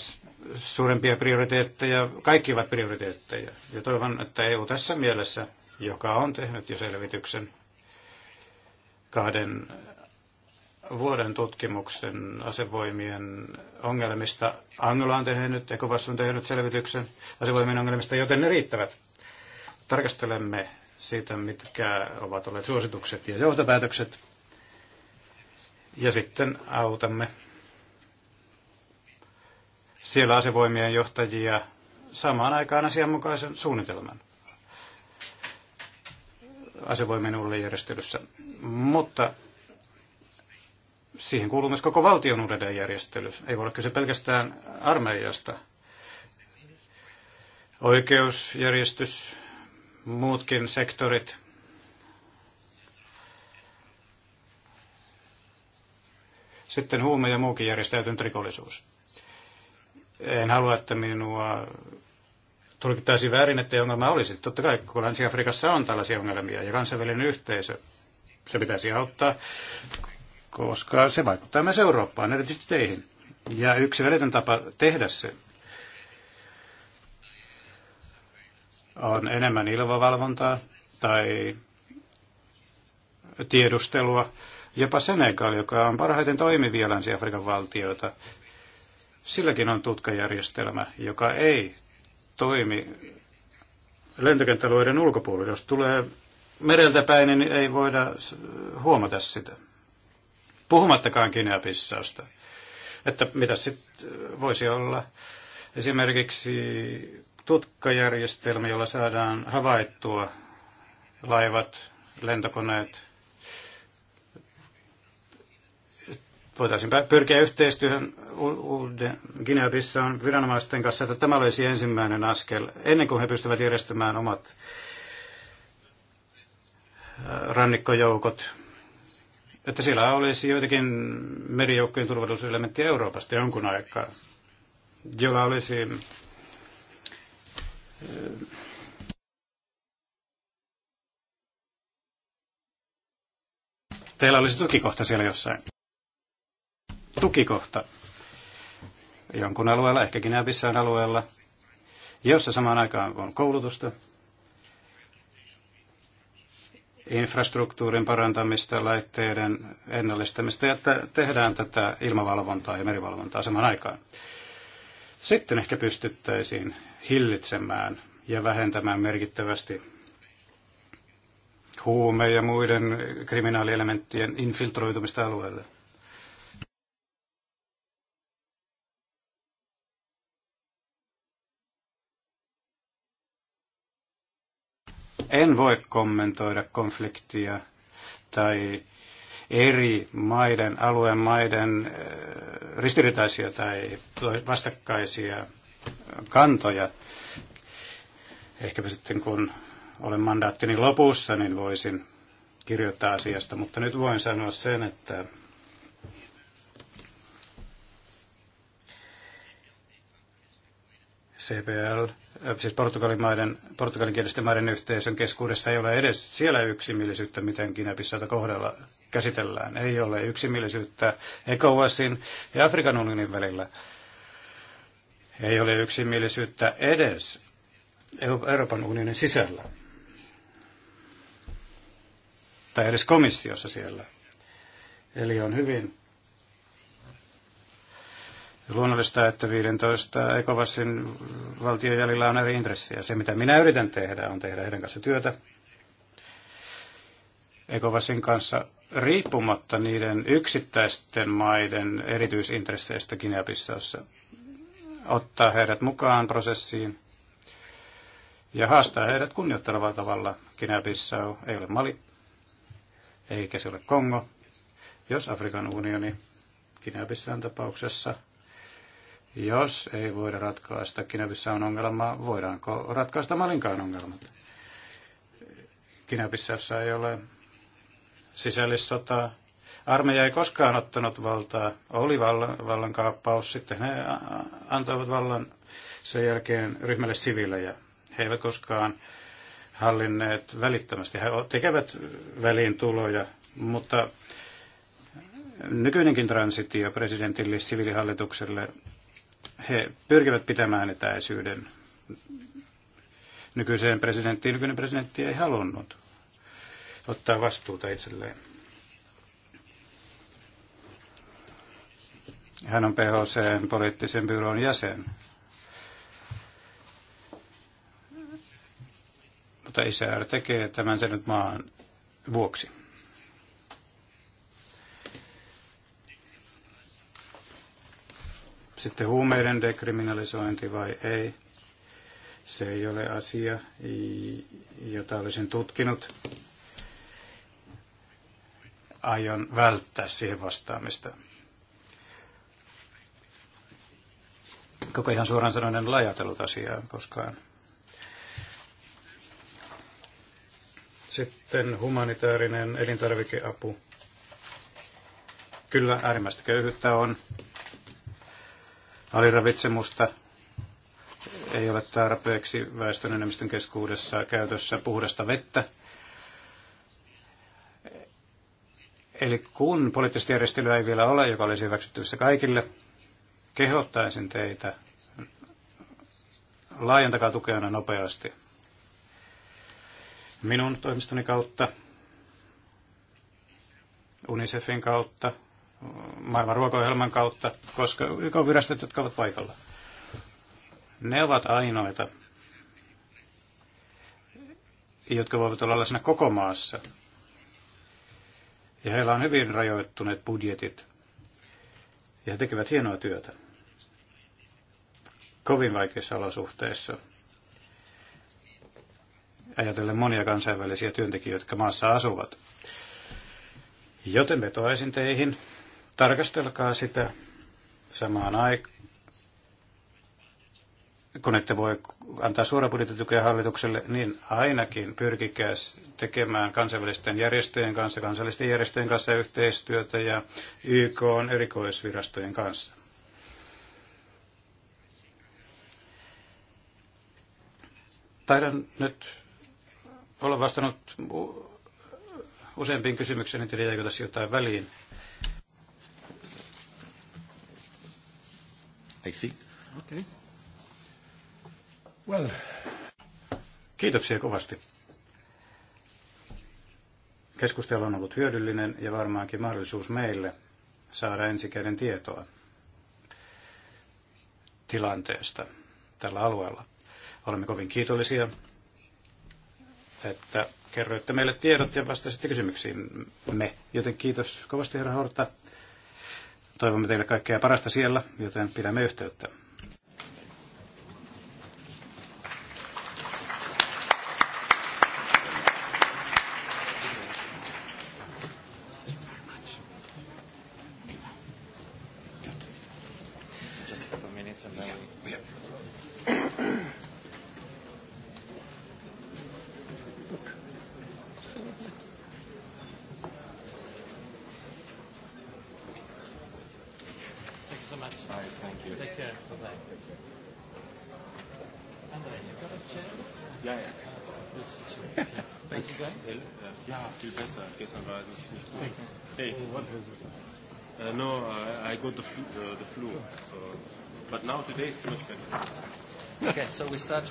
suurempia prioriteetteja, kaikki ovat prioriteetteja. Ja toivon, että EU tässä mielessä, joka on tehnyt jo selvityksen kahden vuoden tutkimuksen asevoimien ongelmista. Angola on tehnyt, Ekovas on tehnyt selvityksen asevoimien ongelmista, joten ne riittävät. Tarkastelemme siitä, mitkä ovat olleet suositukset ja johtopäätökset. Ja sitten autamme siellä asevoimien johtajia samaan aikaan asianmukaisen suunnitelman asevoimien uudelleenjärjestelyssä. Mutta siihen kuuluu myös koko valtion uudelleenjärjestely. Ei voi olla kyse pelkästään armeijasta. Oikeusjärjestys, muutkin sektorit, Sitten huume ja muukin järjestäytynyt rikollisuus. En halua, että minua tulkittaisiin väärin, että ongelma olisi. Totta kai, kun Länsi-Afrikassa on tällaisia ongelmia ja kansainvälinen yhteisö, se pitäisi auttaa, koska se vaikuttaa myös Eurooppaan, erityisesti teihin. Ja yksi välitön tapa tehdä se on enemmän ilmavalvontaa tai tiedustelua Jopa Senegal, joka on parhaiten toimivia Länsi-Afrikan valtioita, silläkin on tutkajärjestelmä, joka ei toimi lentokenttäalueiden ulkopuolella. Jos tulee mereltä päin, niin ei voida huomata sitä. Puhumattakaan Kineapissausta. Että mitä sitten äh, voisi olla esimerkiksi tutkajärjestelmä, jolla saadaan havaittua laivat, lentokoneet, voitaisiin pyrkiä yhteistyöhön Guinea-Bissaan viranomaisten kanssa, että tämä olisi ensimmäinen askel ennen kuin he pystyvät järjestämään omat rannikkojoukot. Että siellä olisi joitakin merijoukkojen turvallisuuselementtiä Euroopasta jonkun aikaa, jolla olisi Teillä olisi tukikohta siellä jossain tukikohta jonkun alueella, ehkäkin Abissaan alueella, jossa samaan aikaan on koulutusta, infrastruktuurin parantamista, laitteiden ennallistamista, ja tehdään tätä ilmavalvontaa ja merivalvontaa samaan aikaan. Sitten ehkä pystyttäisiin hillitsemään ja vähentämään merkittävästi huume- ja muiden kriminaalielementtien infiltroitumista alueelle. En voi kommentoida konfliktia tai eri maiden, alueen maiden eh, ristiriitaisia tai vastakkaisia kantoja. Ehkäpä sitten kun olen mandaattini lopussa, niin voisin kirjoittaa asiasta, mutta nyt voin sanoa sen, että CPL, äh, siis Portugalin maiden, portugalinkielisten maiden yhteisön keskuudessa ei ole edes siellä yksimielisyyttä, miten Kinepissä kohdalla käsitellään. Ei ole yksimielisyyttä ECOWASin ja Afrikan unionin välillä. Ei ole yksimielisyyttä edes Euroopan unionin sisällä. Tai edes komissiossa siellä. Eli on hyvin luonnollista, että 15 valtion jäljellä on eri intressiä. Se, mitä minä yritän tehdä, on tehdä heidän kanssa työtä ekovassin kanssa riippumatta niiden yksittäisten maiden erityisintresseistä Kineapissaossa Ottaa heidät mukaan prosessiin ja haastaa heidät kunnioittavalla tavalla. Kineapissau ei ole Mali, eikä se ole Kongo. Jos Afrikan unioni Kineapissaan tapauksessa – jos ei voida ratkaista Kinevissa on ongelma, voidaanko ratkaista Malinkaan ongelmat? Kinäpissässä ei ole sisällissotaa. Armeija ei koskaan ottanut valtaa. Oli vallan, vallankaappaus, sitten he antoivat vallan sen jälkeen ryhmälle sivillejä. He eivät koskaan hallinneet välittömästi. He tekevät tuloja, mutta nykyinenkin transitio presidentille sivilihallitukselle he pyrkivät pitämään etäisyyden nykyiseen presidenttiin. Nykyinen presidentti ei halunnut ottaa vastuuta itselleen. Hän on PHCn poliittisen byron jäsen. Mutta ICR tekee tämän sen nyt maan vuoksi. Sitten huumeiden dekriminalisointi vai ei. Se ei ole asia, jota olisin tutkinut. Aion välttää siihen vastaamista. Koko ihan suoraan sanoen en ajatellut asiaa koskaan. Sitten humanitaarinen elintarvikeapu. Kyllä äärimmäistä köyhyyttä on Aliravitsemusta ei ole tarpeeksi väestön enemmistön keskuudessa käytössä puhdasta vettä. Eli kun poliittista järjestelyä ei vielä ole, joka olisi hyväksyttävissä kaikille, kehottaisin teitä laajentakaa tukeana nopeasti minun toimistoni kautta, UNICEFin kautta, maailman ruokaohjelman kautta, koska YK virastot, jotka ovat paikalla. Ne ovat ainoita, jotka voivat olla läsnä koko maassa. Ja heillä on hyvin rajoittuneet budjetit. Ja he tekevät hienoa työtä. Kovin vaikeissa olosuhteissa. Ajatellen monia kansainvälisiä työntekijöitä, jotka maassa asuvat. Joten vetoaisin teihin, Tarkastelkaa sitä samaan aikaan, kun ette voi antaa suora budjettitukea hallitukselle, niin ainakin pyrkikää tekemään kansainvälisten järjestöjen kanssa, kansallisten järjestöjen kanssa yhteistyötä ja YK on erikoisvirastojen kanssa. Taidan nyt olla vastannut useampiin kysymyksiin, en jäikö tässä jotain väliin. I think. Okay. Well. Kiitoksia kovasti. Keskustelu on ollut hyödyllinen ja varmaankin mahdollisuus meille saada ensikäden tietoa tilanteesta tällä alueella. Olemme kovin kiitollisia, että kerroitte meille tiedot ja vastasitte kysymyksiin me. Joten kiitos kovasti herra Horta. Toivomme teille kaikkea parasta siellä, joten pidämme yhteyttä.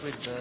with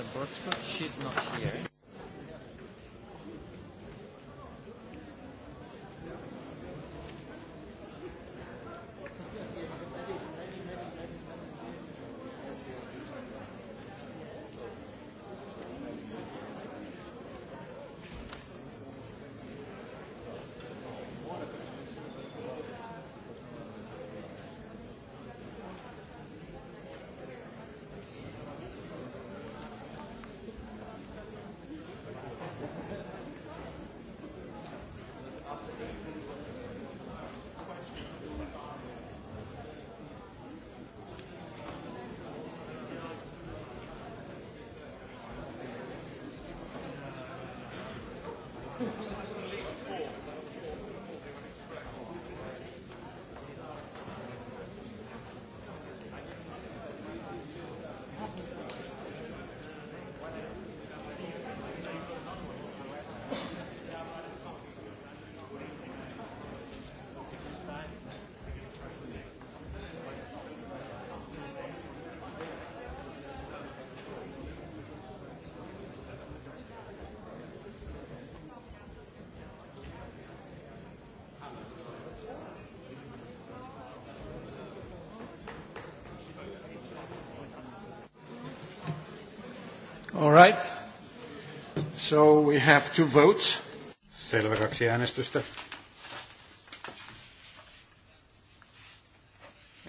So we have two votes. Selvä kaksi äänestystä.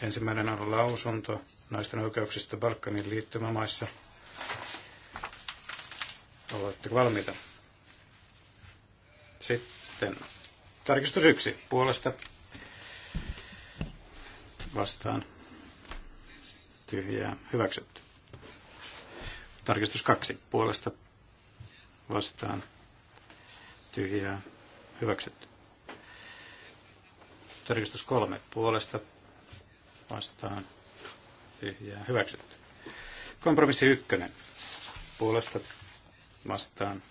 Ensimmäinen on lausunto naisten oikeuksista Balkanin liittymämaissa. Oletteko valmiita? Sitten tarkistus yksi puolesta vastaan tyhjää hyväksytty. Tarkistus kaksi puolesta vastaan tyhjää hyväksytty. Tarkistus kolme puolesta vastaan tyhjää hyväksytty. Kompromissi ykkönen puolesta vastaan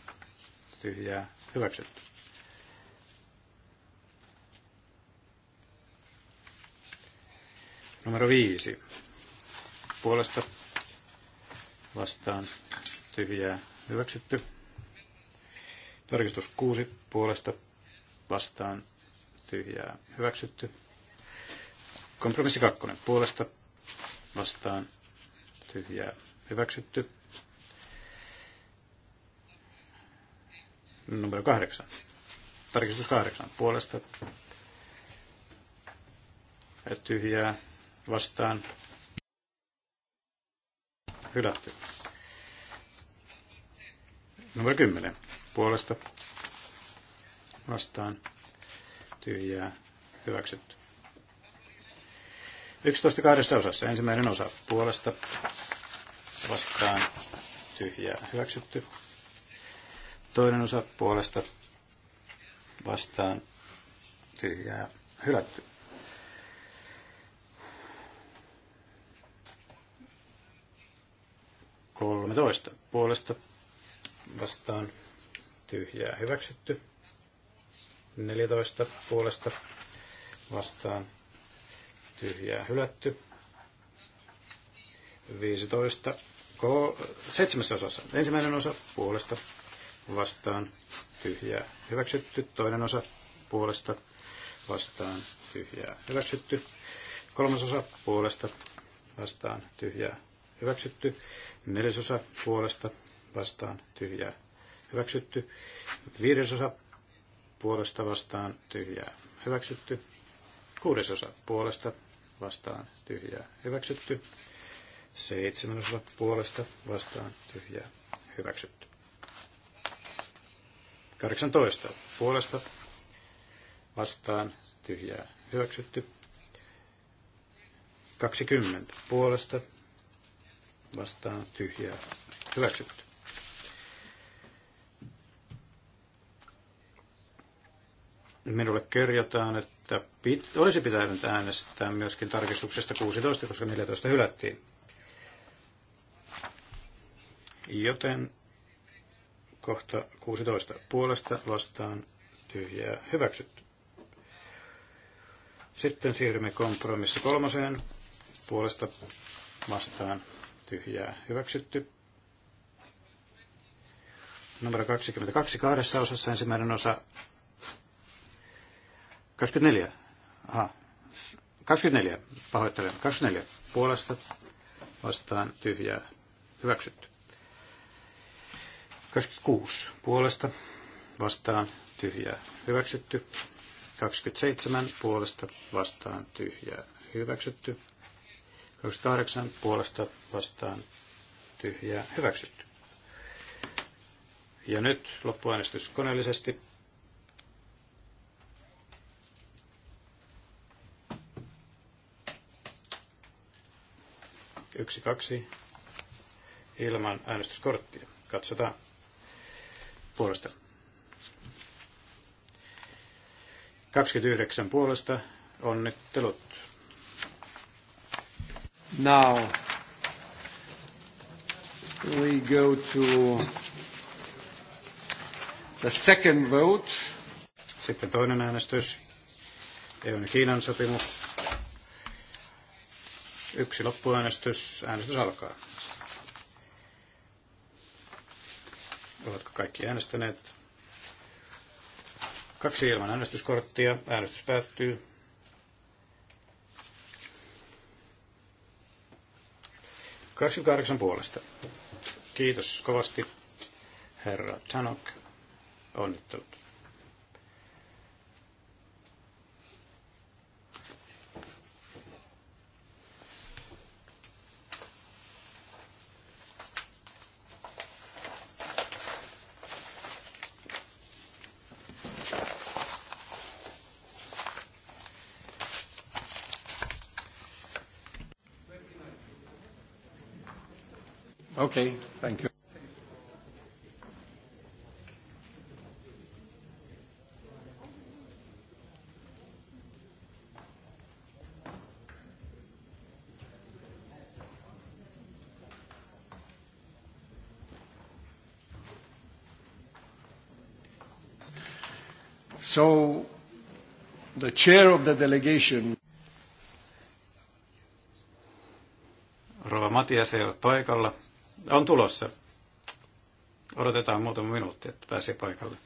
tyhjää hyväksytty. Numero viisi. Puolesta vastaan tyhjää hyväksytty. Tarkistus 6 puolesta vastaan tyhjää hyväksytty. Kompromissi 2 puolesta vastaan tyhjää hyväksytty. Numero 8. Tarkistus 8 puolesta tyhjää vastaan hylätty. Numero 10 puolesta vastaan tyhjää hyväksytty. 11 kahdessa osassa. Ensimmäinen osa puolesta vastaan tyhjää hyväksytty. Toinen osa puolesta vastaan tyhjää hylätty. Kolmetoista puolesta vastaan tyhjää hyväksytty. 14 puolesta vastaan tyhjää hylätty. 15 ko- seitsemässä osassa. Ensimmäinen osa puolesta vastaan tyhjää hyväksytty. Toinen osa puolesta vastaan tyhjää hyväksytty. Kolmas osa puolesta vastaan tyhjää hyväksytty. neljäs osa puolesta vastaan tyhjää hyväksytty. Viidesosa puolesta vastaan tyhjää, hyväksytty. Kuudesosa puolesta vastaan tyhjää, hyväksytty. Seitsemänosa puolesta vastaan tyhjää, hyväksytty. 18 puolesta vastaan tyhjää, hyväksytty. 20 puolesta vastaan tyhjää, hyväksytty. Minulle kerrotaan, että pit, olisi pitänyt äänestää myöskin tarkistuksesta 16, koska 14 hylättiin. Joten kohta 16 puolesta vastaan tyhjää hyväksytty. Sitten siirrymme kompromissi kolmoseen. Puolesta vastaan tyhjää hyväksytty. Numero 22 kahdessa osassa ensimmäinen osa 24. Aha. 24. Pahoittelen. 24. Puolesta vastaan tyhjää. Hyväksytty. 26. Puolesta vastaan tyhjää. Hyväksytty. 27. Puolesta vastaan tyhjää. Hyväksytty. 28. Puolesta vastaan tyhjää. Hyväksytty. Ja nyt loppuäänestys koneellisesti. Yksi, kaksi. Ilman äänestyskorttia. Katsotaan puolesta. 29 puolesta. Onnittelut. Now we go to the second vote. Sitten toinen äänestys. EUn ja Kiinan sopimus. Yksi loppuäänestys. Äänestys alkaa. Ovatko kaikki äänestäneet? Kaksi ilman äänestyskorttia. Äänestys päättyy. kahdeksan puolesta. Kiitos kovasti, herra Tanok. Onnittelut. Okay, thank you. So, the chair of the delegation. Rova Matias ei ole paikalla on tulossa. Odotetaan muutama minuutti, että pääsee paikalle.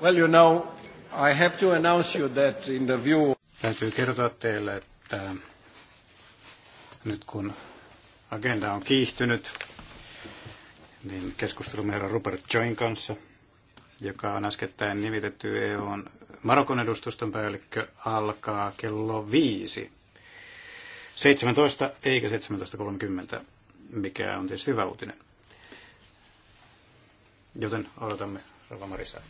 Well, you know, I have to announce you that in the view... Täytyy kertoa teille, että nyt kun agenda on kiihtynyt, niin keskustelumme herra Rupert Join kanssa, joka on äskettäin nimitetty EUn Marokon edustuston päällikkö, alkaa kello viisi. 17 eikä 17.30, mikä on tietysti hyvä uutinen. Joten odotamme Rova Marisa.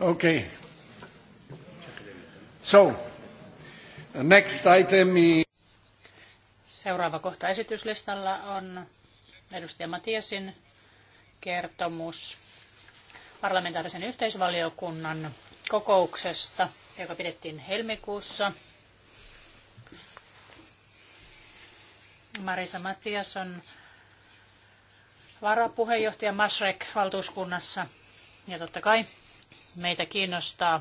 Okay. So, next item is... Seuraava kohta esityslistalla on edustaja Matiasin kertomus parlamentaarisen yhteisvaliokunnan kokouksesta, joka pidettiin helmikuussa. Marisa Matias on varapuheenjohtaja Masrek valtuuskunnassa ja totta kai Meitä kiinnostaa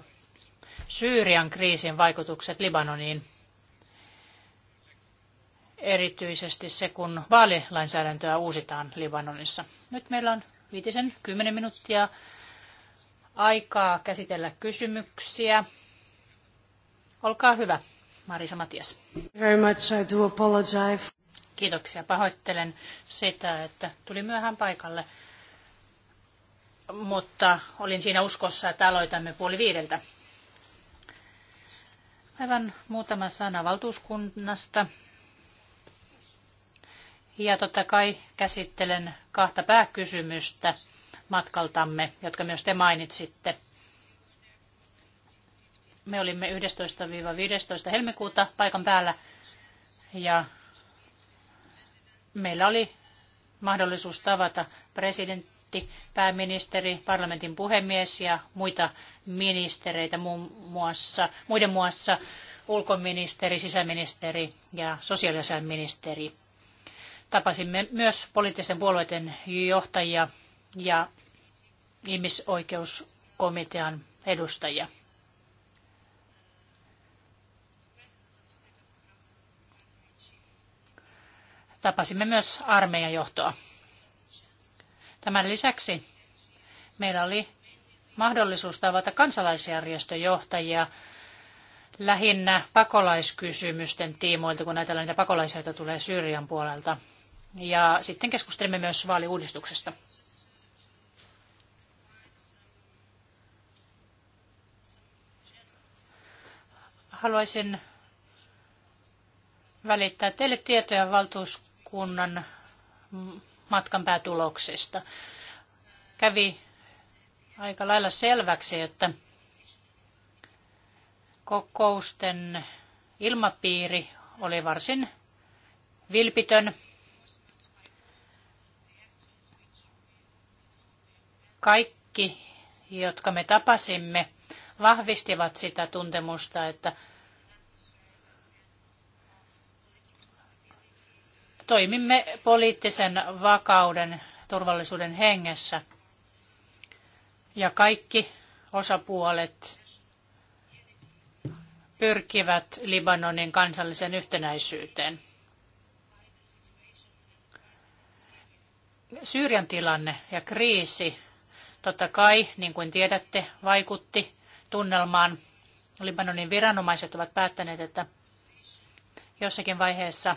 Syyrian kriisin vaikutukset Libanoniin. Erityisesti se, kun vaalilainsäädäntöä uusitaan Libanonissa. Nyt meillä on viitisen kymmenen minuuttia aikaa käsitellä kysymyksiä. Olkaa hyvä, Marisa Matias. Very much, I do apologize. Kiitoksia. Pahoittelen sitä, että tuli myöhään paikalle mutta olin siinä uskossa, että aloitamme puoli viideltä. Aivan muutama sana valtuuskunnasta. Ja totta kai käsittelen kahta pääkysymystä matkaltamme, jotka myös te mainitsitte. Me olimme 11-15 helmikuuta paikan päällä ja meillä oli mahdollisuus tavata presidentti presidentti, pääministeri, parlamentin puhemies ja muita ministereitä muun muassa, muiden muassa ulkoministeri, sisäministeri ja sosiaaliasiaministeri. Tapasimme myös poliittisten puolueiden johtajia ja ihmisoikeuskomitean edustajia. Tapasimme myös armeijan johtoa. Tämän lisäksi meillä oli mahdollisuus tavata kansalaisjärjestöjohtajia lähinnä pakolaiskysymysten tiimoilta, kun näitä niitä pakolaisia, tulee Syyrian puolelta. Ja sitten keskustelimme myös vaaliuudistuksesta. Haluaisin välittää teille tietoja valtuuskunnan matkan päätuloksesta. Kävi aika lailla selväksi, että kokousten ilmapiiri oli varsin vilpitön. Kaikki, jotka me tapasimme, vahvistivat sitä tuntemusta, että Toimimme poliittisen vakauden turvallisuuden hengessä. Ja kaikki osapuolet pyrkivät Libanonin kansalliseen yhtenäisyyteen. Syyrian tilanne ja kriisi totta kai, niin kuin tiedätte, vaikutti tunnelmaan. Libanonin viranomaiset ovat päättäneet, että jossakin vaiheessa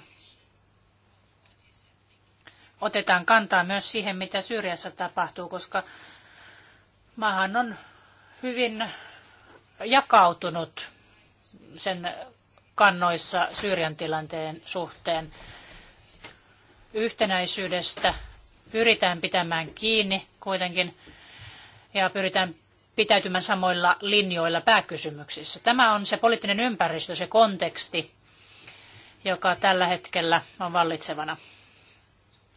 otetaan kantaa myös siihen, mitä Syyriassa tapahtuu, koska maahan on hyvin jakautunut sen kannoissa Syyrian tilanteen suhteen. Yhtenäisyydestä pyritään pitämään kiinni kuitenkin ja pyritään pitäytymään samoilla linjoilla pääkysymyksissä. Tämä on se poliittinen ympäristö, se konteksti, joka tällä hetkellä on vallitsevana.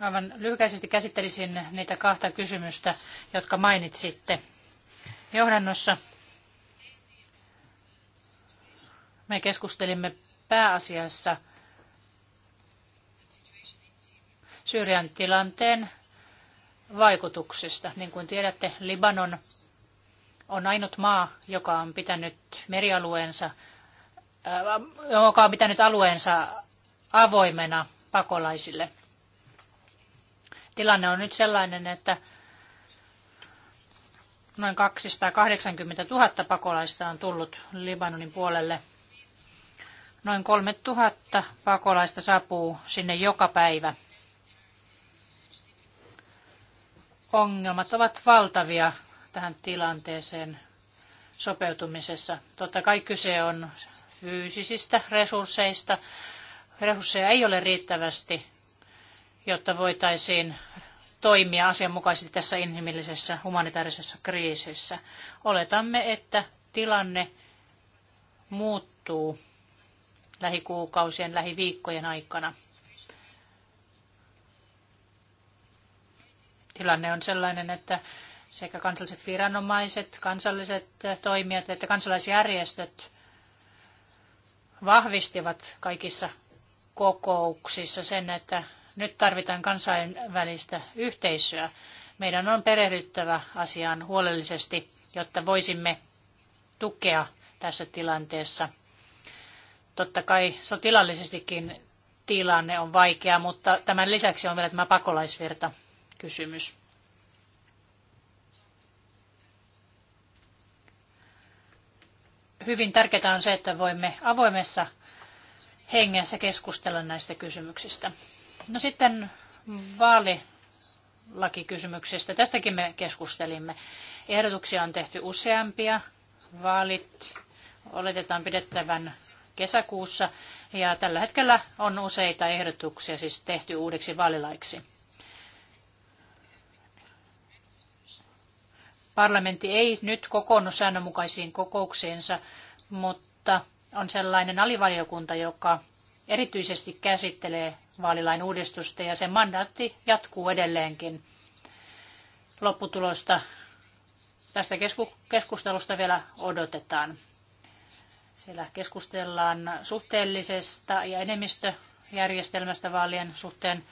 Aivan lyhykäisesti käsittelisin niitä kahta kysymystä, jotka mainitsitte johdannossa. Me keskustelimme pääasiassa Syyrian tilanteen vaikutuksista. Niin kuin tiedätte, Libanon on ainut maa, joka on pitänyt merialueensa, äh, joka on pitänyt alueensa avoimena pakolaisille – Tilanne on nyt sellainen, että noin 280 000 pakolaista on tullut Libanonin puolelle. Noin 3 000 pakolaista saapuu sinne joka päivä. Ongelmat ovat valtavia tähän tilanteeseen sopeutumisessa. Totta kai kyse on fyysisistä resursseista. Resursseja ei ole riittävästi jotta voitaisiin toimia asianmukaisesti tässä inhimillisessä humanitaarisessa kriisissä. Oletamme, että tilanne muuttuu lähikuukausien, lähiviikkojen aikana. Tilanne on sellainen, että sekä kansalliset viranomaiset, kansalliset toimijat että kansalaisjärjestöt vahvistivat kaikissa kokouksissa sen, että nyt tarvitaan kansainvälistä yhteisöä. Meidän on perehdyttävä asiaan huolellisesti, jotta voisimme tukea tässä tilanteessa. Totta kai sotilallisestikin tilanne on vaikea, mutta tämän lisäksi on vielä tämä pakolaisvirta kysymys. Hyvin tärkeää on se, että voimme avoimessa hengessä keskustella näistä kysymyksistä. No sitten vaalilakikysymyksestä. Tästäkin me keskustelimme. Ehdotuksia on tehty useampia. Vaalit oletetaan pidettävän kesäkuussa ja tällä hetkellä on useita ehdotuksia siis tehty uudeksi vaalilaiksi. Parlamentti ei nyt kokoonnu säännönmukaisiin kokouksiinsa, mutta on sellainen alivaliokunta, joka erityisesti käsittelee vaalilain uudistusta ja sen mandaatti jatkuu edelleenkin. Lopputulosta tästä keskustelusta vielä odotetaan. Siellä keskustellaan suhteellisesta ja enemmistöjärjestelmästä vaalien suhteen.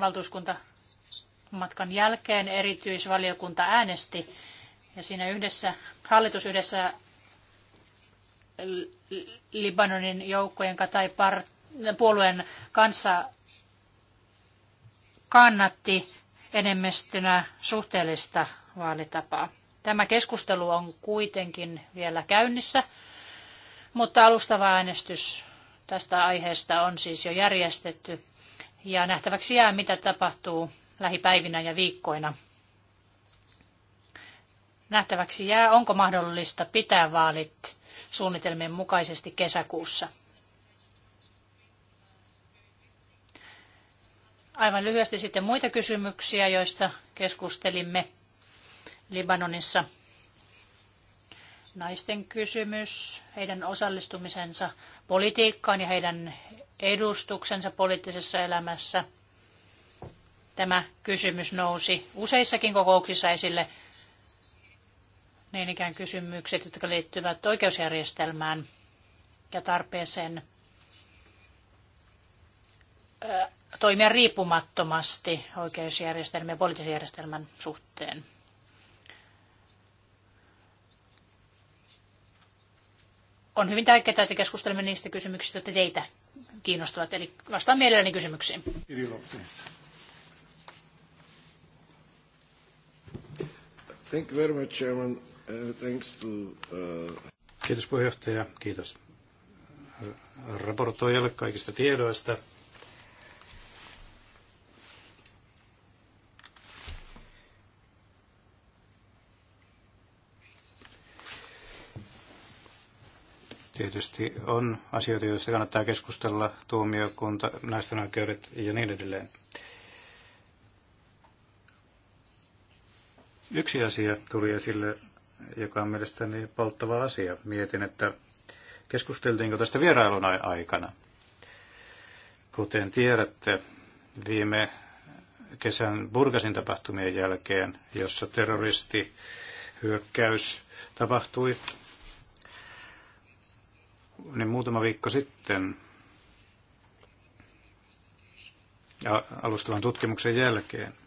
Valtuuskunta matkan jälkeen erityisvaliokunta äänesti ja siinä yhdessä, hallitus yhdessä Libanonin joukkojen tai puolueen kanssa kannatti enemmistönä suhteellista vaalitapaa. Tämä keskustelu on kuitenkin vielä käynnissä, mutta alustava äänestys tästä aiheesta on siis jo järjestetty ja nähtäväksi jää, mitä tapahtuu lähipäivinä ja viikkoina. Nähtäväksi jää, onko mahdollista pitää vaalit suunnitelmien mukaisesti kesäkuussa. Aivan lyhyesti sitten muita kysymyksiä, joista keskustelimme Libanonissa. Naisten kysymys, heidän osallistumisensa politiikkaan ja heidän edustuksensa poliittisessa elämässä. Tämä kysymys nousi useissakin kokouksissa esille – niin ikään kysymykset, jotka liittyvät oikeusjärjestelmään ja tarpeeseen toimia riippumattomasti oikeusjärjestelmän ja poliittisen järjestelmän suhteen. On hyvin tärkeää, että keskustelemme niistä kysymyksistä, joita teitä kiinnostavat. Eli vastaan mielelläni kysymyksiin. Thank you very much, Chairman. Uh, thanks to, uh... Kiitos puheenjohtaja, kiitos raportoijalle kaikista tiedoista. tietysti on asioita, joista kannattaa keskustella, tuomiokunta, naisten oikeudet ja niin edelleen. Yksi asia tuli esille joka on mielestäni polttava asia. Mietin, että keskusteltiinko tästä vierailun aikana. Kuten tiedätte, viime kesän Burgasin tapahtumien jälkeen, jossa terroristi hyökkäys tapahtui, niin muutama viikko sitten alustavan tutkimuksen jälkeen –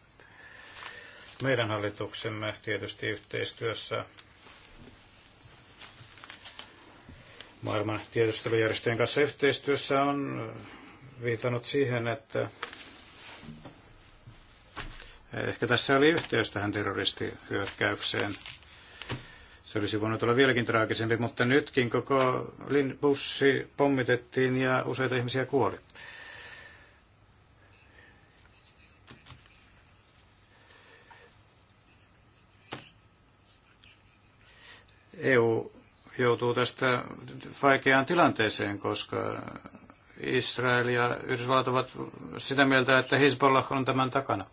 meidän hallituksemme tietysti yhteistyössä maailman tiedustelujärjestöjen kanssa yhteistyössä on viitannut siihen, että ehkä tässä oli yhteys tähän terroristihyökkäykseen. Se olisi voinut olla vieläkin traagisempi, mutta nytkin koko bussi pommitettiin ja useita ihmisiä kuoli. EU joutuu tästä vaikeaan tilanteeseen, koska Israel ja Yhdysvallat ovat sitä mieltä, että Hezbollah on tämän takana.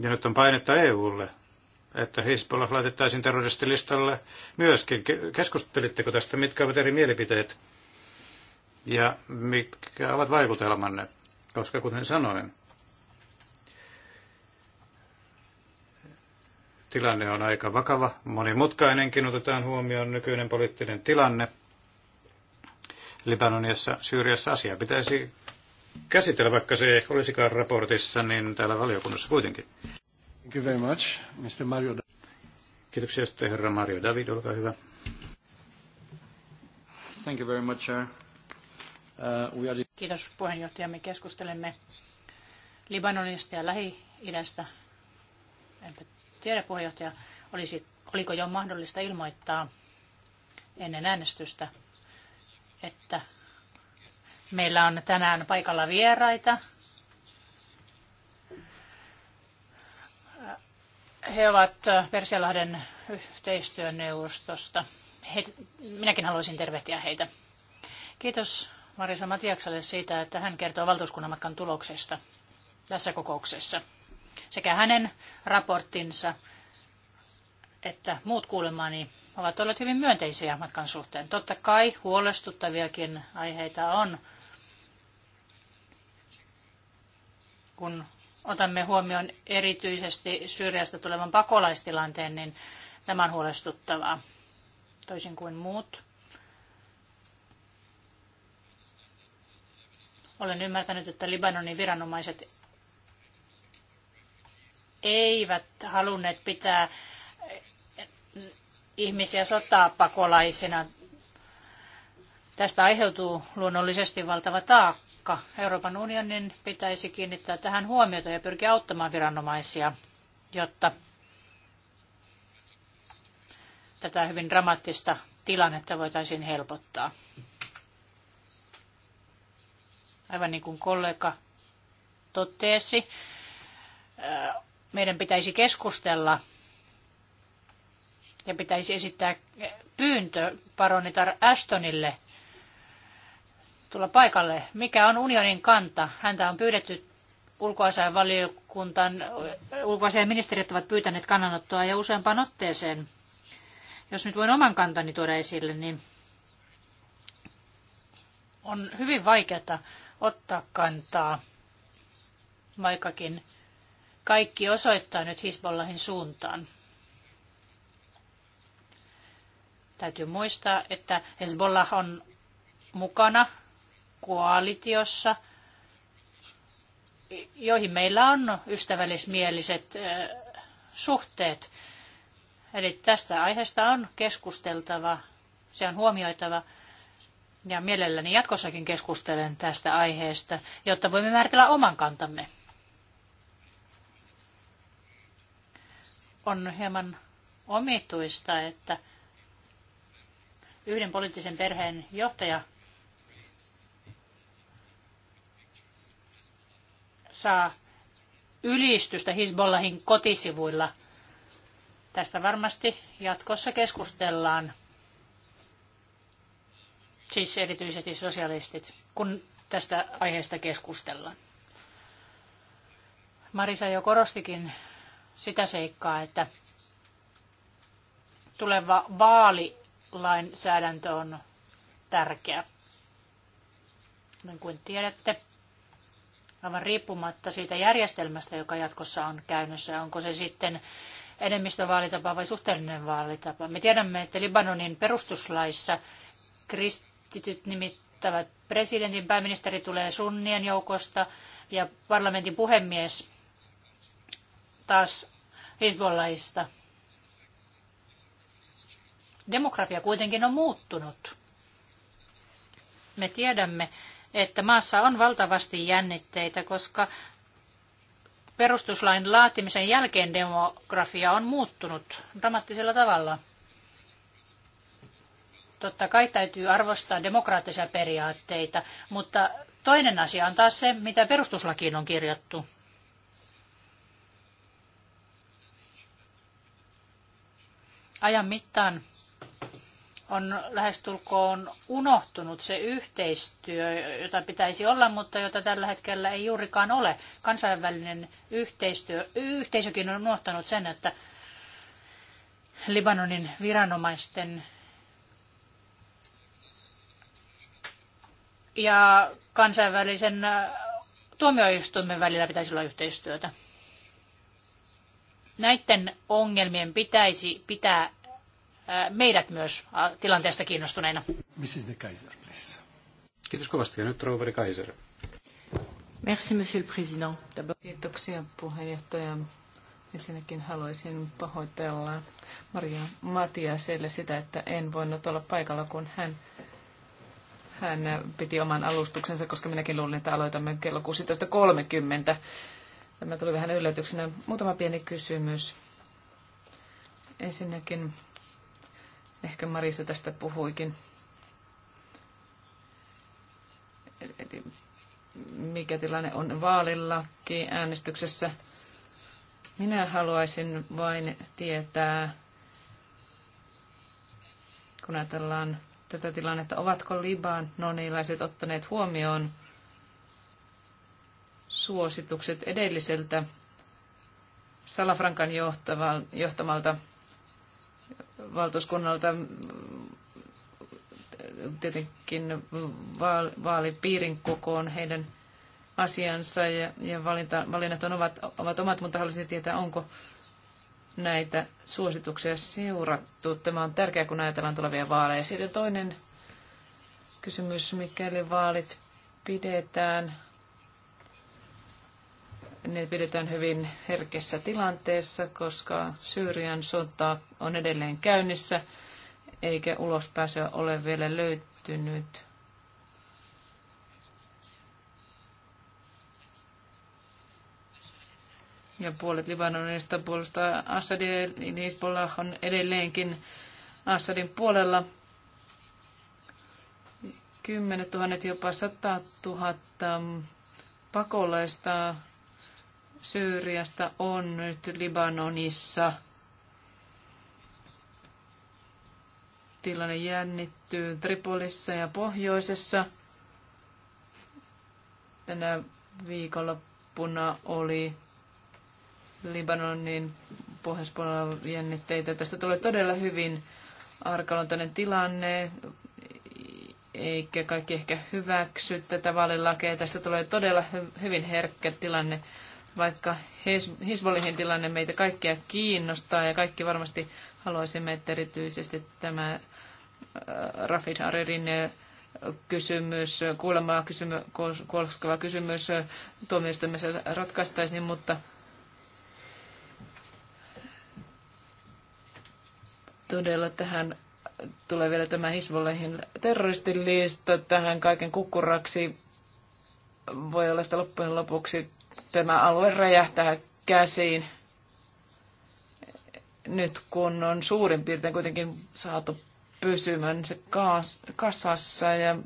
Ja nyt on painetta EUlle, että Hezbollah laitettaisiin terroristilistalle myöskin. Keskustelitteko tästä, mitkä ovat eri mielipiteet ja mitkä ovat vaikutelmanne? Koska kuten sanoin, Tilanne on aika vakava, monimutkainenkin otetaan huomioon nykyinen poliittinen tilanne. Libanoniassa, Syyriassa asia pitäisi käsitellä, vaikka se ei olisikaan raportissa, niin täällä valiokunnassa kuitenkin. Thank you very much, Mr. Mario. Kiitoksia sitten herra Mario David, olkaa hyvä. Thank you very much, sir. Uh, we are... Kiitos puheenjohtaja. Me keskustelemme Libanonista ja Lähi-idästä tiedä puheenjohtaja, olisi, oliko jo mahdollista ilmoittaa ennen äänestystä, että meillä on tänään paikalla vieraita. He ovat Persialahden yhteistyöneuvostosta. He, minäkin haluaisin tervehtiä heitä. Kiitos Marisa Matiakselle siitä, että hän kertoo valtuuskunnan matkan tuloksesta tässä kokouksessa. Sekä hänen raporttinsa että muut kuulemani ovat olleet hyvin myönteisiä matkan suhteen. Totta kai huolestuttaviakin aiheita on, kun otamme huomioon erityisesti Syyriasta tulevan pakolaistilanteen, niin tämä on huolestuttavaa, toisin kuin muut. Olen ymmärtänyt, että Libanonin viranomaiset eivät halunneet pitää ihmisiä sotapakolaisina. Tästä aiheutuu luonnollisesti valtava taakka. Euroopan unionin pitäisi kiinnittää tähän huomiota ja pyrkiä auttamaan viranomaisia, jotta tätä hyvin dramaattista tilannetta voitaisiin helpottaa. Aivan niin kuin kollega totesi, meidän pitäisi keskustella ja pitäisi esittää pyyntö paronitar Ashtonille tulla paikalle. Mikä on unionin kanta? Häntä on pyydetty ulkoasiainvaliokuntan, ulkoasiainministeriöt ovat pyytäneet kannanottoa ja useampaan otteeseen. Jos nyt voin oman kantani tuoda esille, niin on hyvin vaikeaa ottaa kantaa, vaikkakin kaikki osoittaa nyt Hisbollahin suuntaan. Täytyy muistaa, että Hezbollah on mukana koalitiossa, joihin meillä on ystävällismieliset suhteet. Eli tästä aiheesta on keskusteltava, se on huomioitava ja mielelläni jatkossakin keskustelen tästä aiheesta, jotta voimme määritellä oman kantamme. on hieman omituista, että yhden poliittisen perheen johtaja saa ylistystä Hisbollahin kotisivuilla. Tästä varmasti jatkossa keskustellaan. Siis erityisesti sosialistit, kun tästä aiheesta keskustellaan. Marisa jo korostikin sitä seikkaa, että tuleva vaalilainsäädäntö on tärkeä. Niin kuin tiedätte, aivan riippumatta siitä järjestelmästä, joka jatkossa on käynnissä, onko se sitten enemmistövaalitapa vai suhteellinen vaalitapa. Me tiedämme, että Libanonin perustuslaissa kristityt nimittävät presidentin pääministeri tulee sunnien joukosta ja parlamentin puhemies taas Hezbollahista. Demografia kuitenkin on muuttunut. Me tiedämme, että maassa on valtavasti jännitteitä, koska perustuslain laatimisen jälkeen demografia on muuttunut dramaattisella tavalla. Totta kai täytyy arvostaa demokraattisia periaatteita, mutta toinen asia on taas se, mitä perustuslakiin on kirjattu. ajan mittaan on lähestulkoon unohtunut se yhteistyö, jota pitäisi olla, mutta jota tällä hetkellä ei juurikaan ole. Kansainvälinen yhteistyö, yhteisökin on unohtanut sen, että Libanonin viranomaisten ja kansainvälisen tuomioistuimen välillä pitäisi olla yhteistyötä. Näiden ongelmien pitäisi pitää meidät myös tilanteesta kiinnostuneina. Mrs. De Kaiser, please. Kiitos kovasti. Ja nyt Roveri Kaiser. Merci, monsieur le président. Kiitoksia puheenjohtaja. Ensinnäkin haluaisin pahoitella Maria Matiaselle sitä, että en voinut olla paikalla, kun hän, hän piti oman alustuksensa, koska minäkin luulin, että aloitamme kello 16.30. Tämä tuli vähän yllätyksenä. Muutama pieni kysymys. Ensinnäkin, ehkä Marisa tästä puhuikin. Eli mikä tilanne on vaalillakin äänestyksessä? Minä haluaisin vain tietää, kun ajatellaan tätä tilannetta, ovatko Libanonilaiset ottaneet huomioon suositukset edelliseltä Salafrankan johtamalta valtuuskunnalta tietenkin vaalipiirin kokoon heidän asiansa ja, ja valinta, valinnat on ovat, ovat omat, mutta haluaisin tietää, onko näitä suosituksia seurattu. Tämä on tärkeää, kun ajatellaan tulevia vaaleja. Sitten toinen kysymys, mikäli vaalit pidetään ne pidetään hyvin herkessä tilanteessa, koska Syyrian sota on edelleen käynnissä, eikä ulospääsyä ole vielä löytynyt. Ja puolet Libanonista puolesta Assadia, niin Hezbollah on edelleenkin Assadin puolella. Kymmenet tuhannet, jopa sata tuhatta pakolaista Syyriasta on nyt Libanonissa. Tilanne jännittyy Tripolissa ja pohjoisessa. Tänä viikonloppuna oli Libanonin pohjoispuolella jännitteitä. Tästä tulee todella hyvin arkaluontoinen tilanne, eikä kaikki ehkä hyväksy tätä vaalilakea. Tästä tulee todella hy- hyvin herkkä tilanne vaikka Hisbollihin tilanne meitä kaikkia kiinnostaa ja kaikki varmasti haluaisimme, että erityisesti tämä äh, Rafid Haririn äh, kysymys, kuulemaa kysymy, koskeva kysymys äh, tuomioistuimessa ratkaistaisiin, mutta todella tähän tulee vielä tämä Hisbollahin terroristilista tähän kaiken kukkuraksi. Voi olla, että loppujen lopuksi tämä alue räjähtää käsiin. Nyt kun on suurin piirtein kuitenkin saatu pysymään se kasassa ja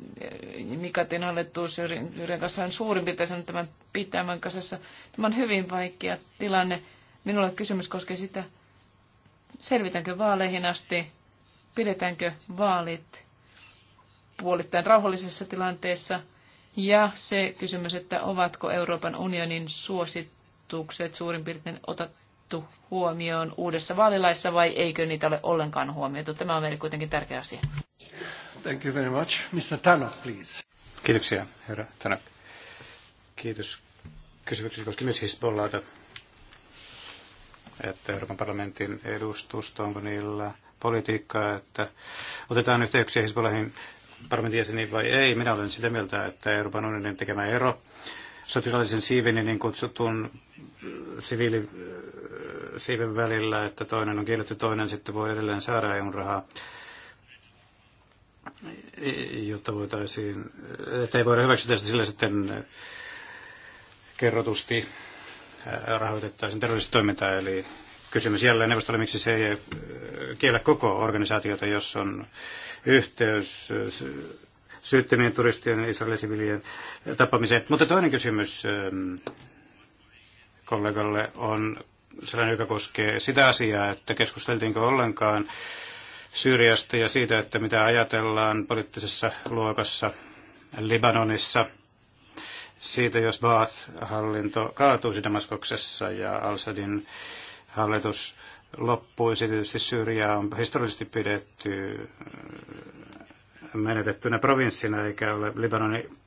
Mikatin hallitus Jyrin kanssa on suurin piirtein sanonut tämän pitämän kasassa. Tämä on hyvin vaikea tilanne. Minulla kysymys koskee sitä, selvitäänkö vaaleihin asti, pidetäänkö vaalit puolittain rauhallisessa tilanteessa – ja se kysymys, että ovatko Euroopan unionin suositukset suurin piirtein otettu huomioon uudessa vaalilaissa vai eikö niitä ole ollenkaan huomioitu. Tämä on meille kuitenkin tärkeä asia. Thank you very much. Mr. Tanok, please. Kiitoksia, herra Tanok. Kiitos kysymyksesi koski myös Hisbollata, että Euroopan parlamentin edustusta, onko niillä politiikkaa, että otetaan yhteyksiä Hisbollahin parlamentin jäseniin vai ei. Minä olen sitä mieltä, että Euroopan unionin tekemä ero sotilaallisen siivin ja niin kutsutun äh, siviili, äh, siiven välillä, että toinen on kielletty, toinen sitten voi edelleen saada EUn rahaa, jotta voitaisiin, että ei voida hyväksyä sitä sillä sitten äh, kerrotusti rahoitettaisiin terroristitoimintaa, eli Kysymys jälleen neuvostolle, miksi se ei äh, kiellä koko organisaatiota, jos on yhteys äh, syyttömien turistien ja Israelin äh, tappamiseen. Mutta toinen kysymys ähm, kollegalle on sellainen, joka koskee sitä asiaa, että keskusteltiinko ollenkaan Syyriasta ja siitä, että mitä ajatellaan poliittisessa luokassa Libanonissa siitä, jos Baath-hallinto kaatuisi Damaskoksessa ja Al-Sadin hallitus loppuisi. Tietysti Syyriä on historiallisesti pidetty äh, menetettynä provinssina, eikä ole Libanonin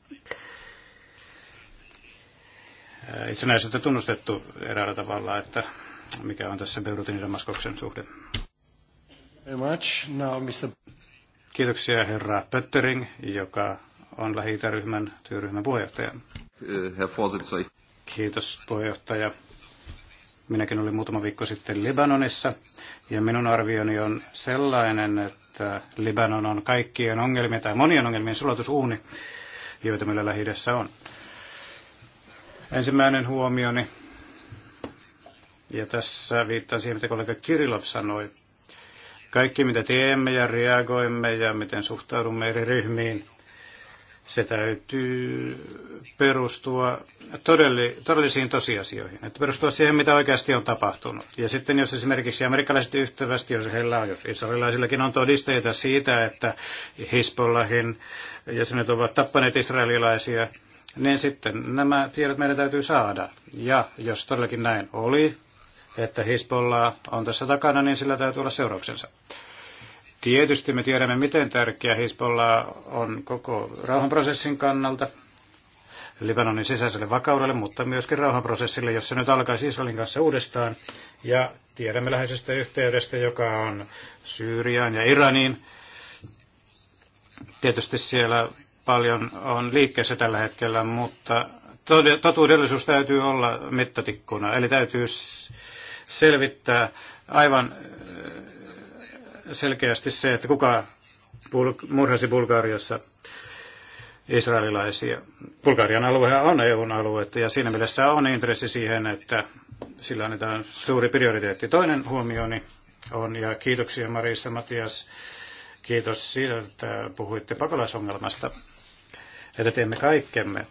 äh, itsenäisyyttä tunnustettu eräällä tavalla, että mikä on tässä Beirutin ja Damaskoksen suhde. Kiitoksia herra Pöttering, joka on lähi työryhmän työryhmän puheenjohtaja. Äh, Herr Kiitos puheenjohtaja. Minäkin olin muutama viikko sitten Libanonissa ja minun arvioni on sellainen, että Libanon on kaikkien ongelmien tai monien ongelmien sulatusuuni, joita meillä lähi on. Ensimmäinen huomioni, ja tässä viittaan siihen, mitä kollega Kirilov sanoi, kaikki mitä teemme ja reagoimme ja miten suhtaudumme eri ryhmiin, se täytyy perustua todelli, todellisiin tosiasioihin, että perustua siihen, mitä oikeasti on tapahtunut. Ja sitten jos esimerkiksi amerikkalaiset yhtävästi, jos heillä on, jos israelilaisillakin on todisteita siitä, että Hisbollahin jäsenet ovat tappaneet israelilaisia, niin sitten nämä tiedot meidän täytyy saada. Ja jos todellakin näin oli, että Hisbollah on tässä takana, niin sillä täytyy olla seurauksensa. Tietysti me tiedämme, miten tärkeä Hisbollah on koko rauhanprosessin kannalta, Libanonin sisäiselle vakaudelle, mutta myöskin rauhanprosessille, jossa nyt alkaisi Israelin kanssa uudestaan. Ja tiedämme läheisestä yhteydestä, joka on Syyriaan ja Iraniin. Tietysti siellä paljon on liikkeessä tällä hetkellä, mutta totuudellisuus täytyy olla mittatikkuna. Eli täytyy selvittää aivan äh, selkeästi se, että kuka murhasi Bulgariassa israelilaisia. Bulgarian aluehan on EUn aluetta ja siinä mielessä on intressi siihen, että sillä annetaan suuri prioriteetti. Toinen huomioni on, ja kiitoksia Marissa Matias, kiitos siitä, että puhuitte pakolaisongelmasta, että teemme kaikkemme.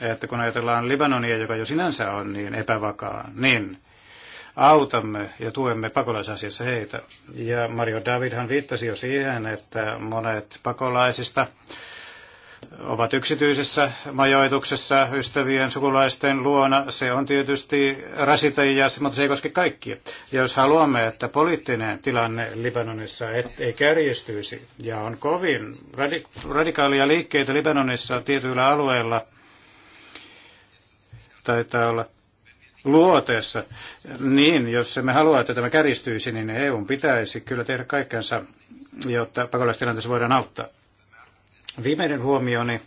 Että kun ajatellaan Libanonia, joka jo sinänsä on niin epävakaa, niin autamme ja tuemme pakolaisasiassa heitä. Ja Mario Davidhan viittasi jo siihen, että monet pakolaisista ovat yksityisessä majoituksessa ystävien, sukulaisten luona. Se on tietysti rasite, ja, mutta se ei koske kaikkia. Ja jos haluamme, että poliittinen tilanne Libanonissa et, ei kärjistyisi, ja on kovin radi, radikaalia liikkeitä Libanonissa tietyillä alueilla, taitaa olla luoteessa, niin jos me haluamme, että tämä kärjistyisi, niin EU pitäisi kyllä tehdä kaikkensa, jotta pakolaistilanteessa voidaan auttaa. Viimeinen huomioni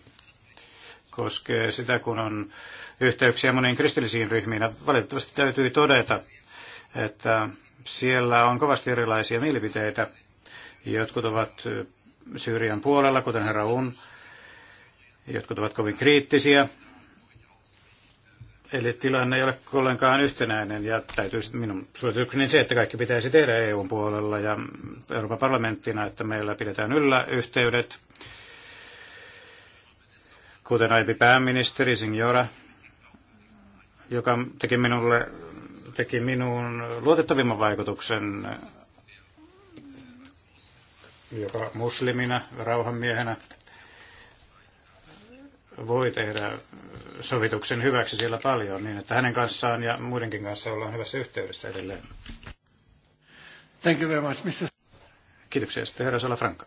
koskee sitä, kun on yhteyksiä moniin kristillisiin ryhmiin. Valitettavasti täytyy todeta, että siellä on kovasti erilaisia mielipiteitä. Jotkut ovat Syyrian puolella, kuten herra Un. Jotkut ovat kovin kriittisiä. Eli tilanne ei ole ollenkaan yhtenäinen ja täytyy minun suositukseni se, että kaikki pitäisi tehdä EUn puolella ja Euroopan parlamenttina, että meillä pidetään yllä yhteydet kuten aiempi pääministeri Signora, joka teki, minulle, teki minuun luotettavimman vaikutuksen, joka muslimina, rauhanmiehenä voi tehdä sovituksen hyväksi siellä paljon, niin että hänen kanssaan ja muidenkin kanssa ollaan hyvässä yhteydessä edelleen. Thank you very much, Mr. Kiitoksia. Sitten herra Salafranca.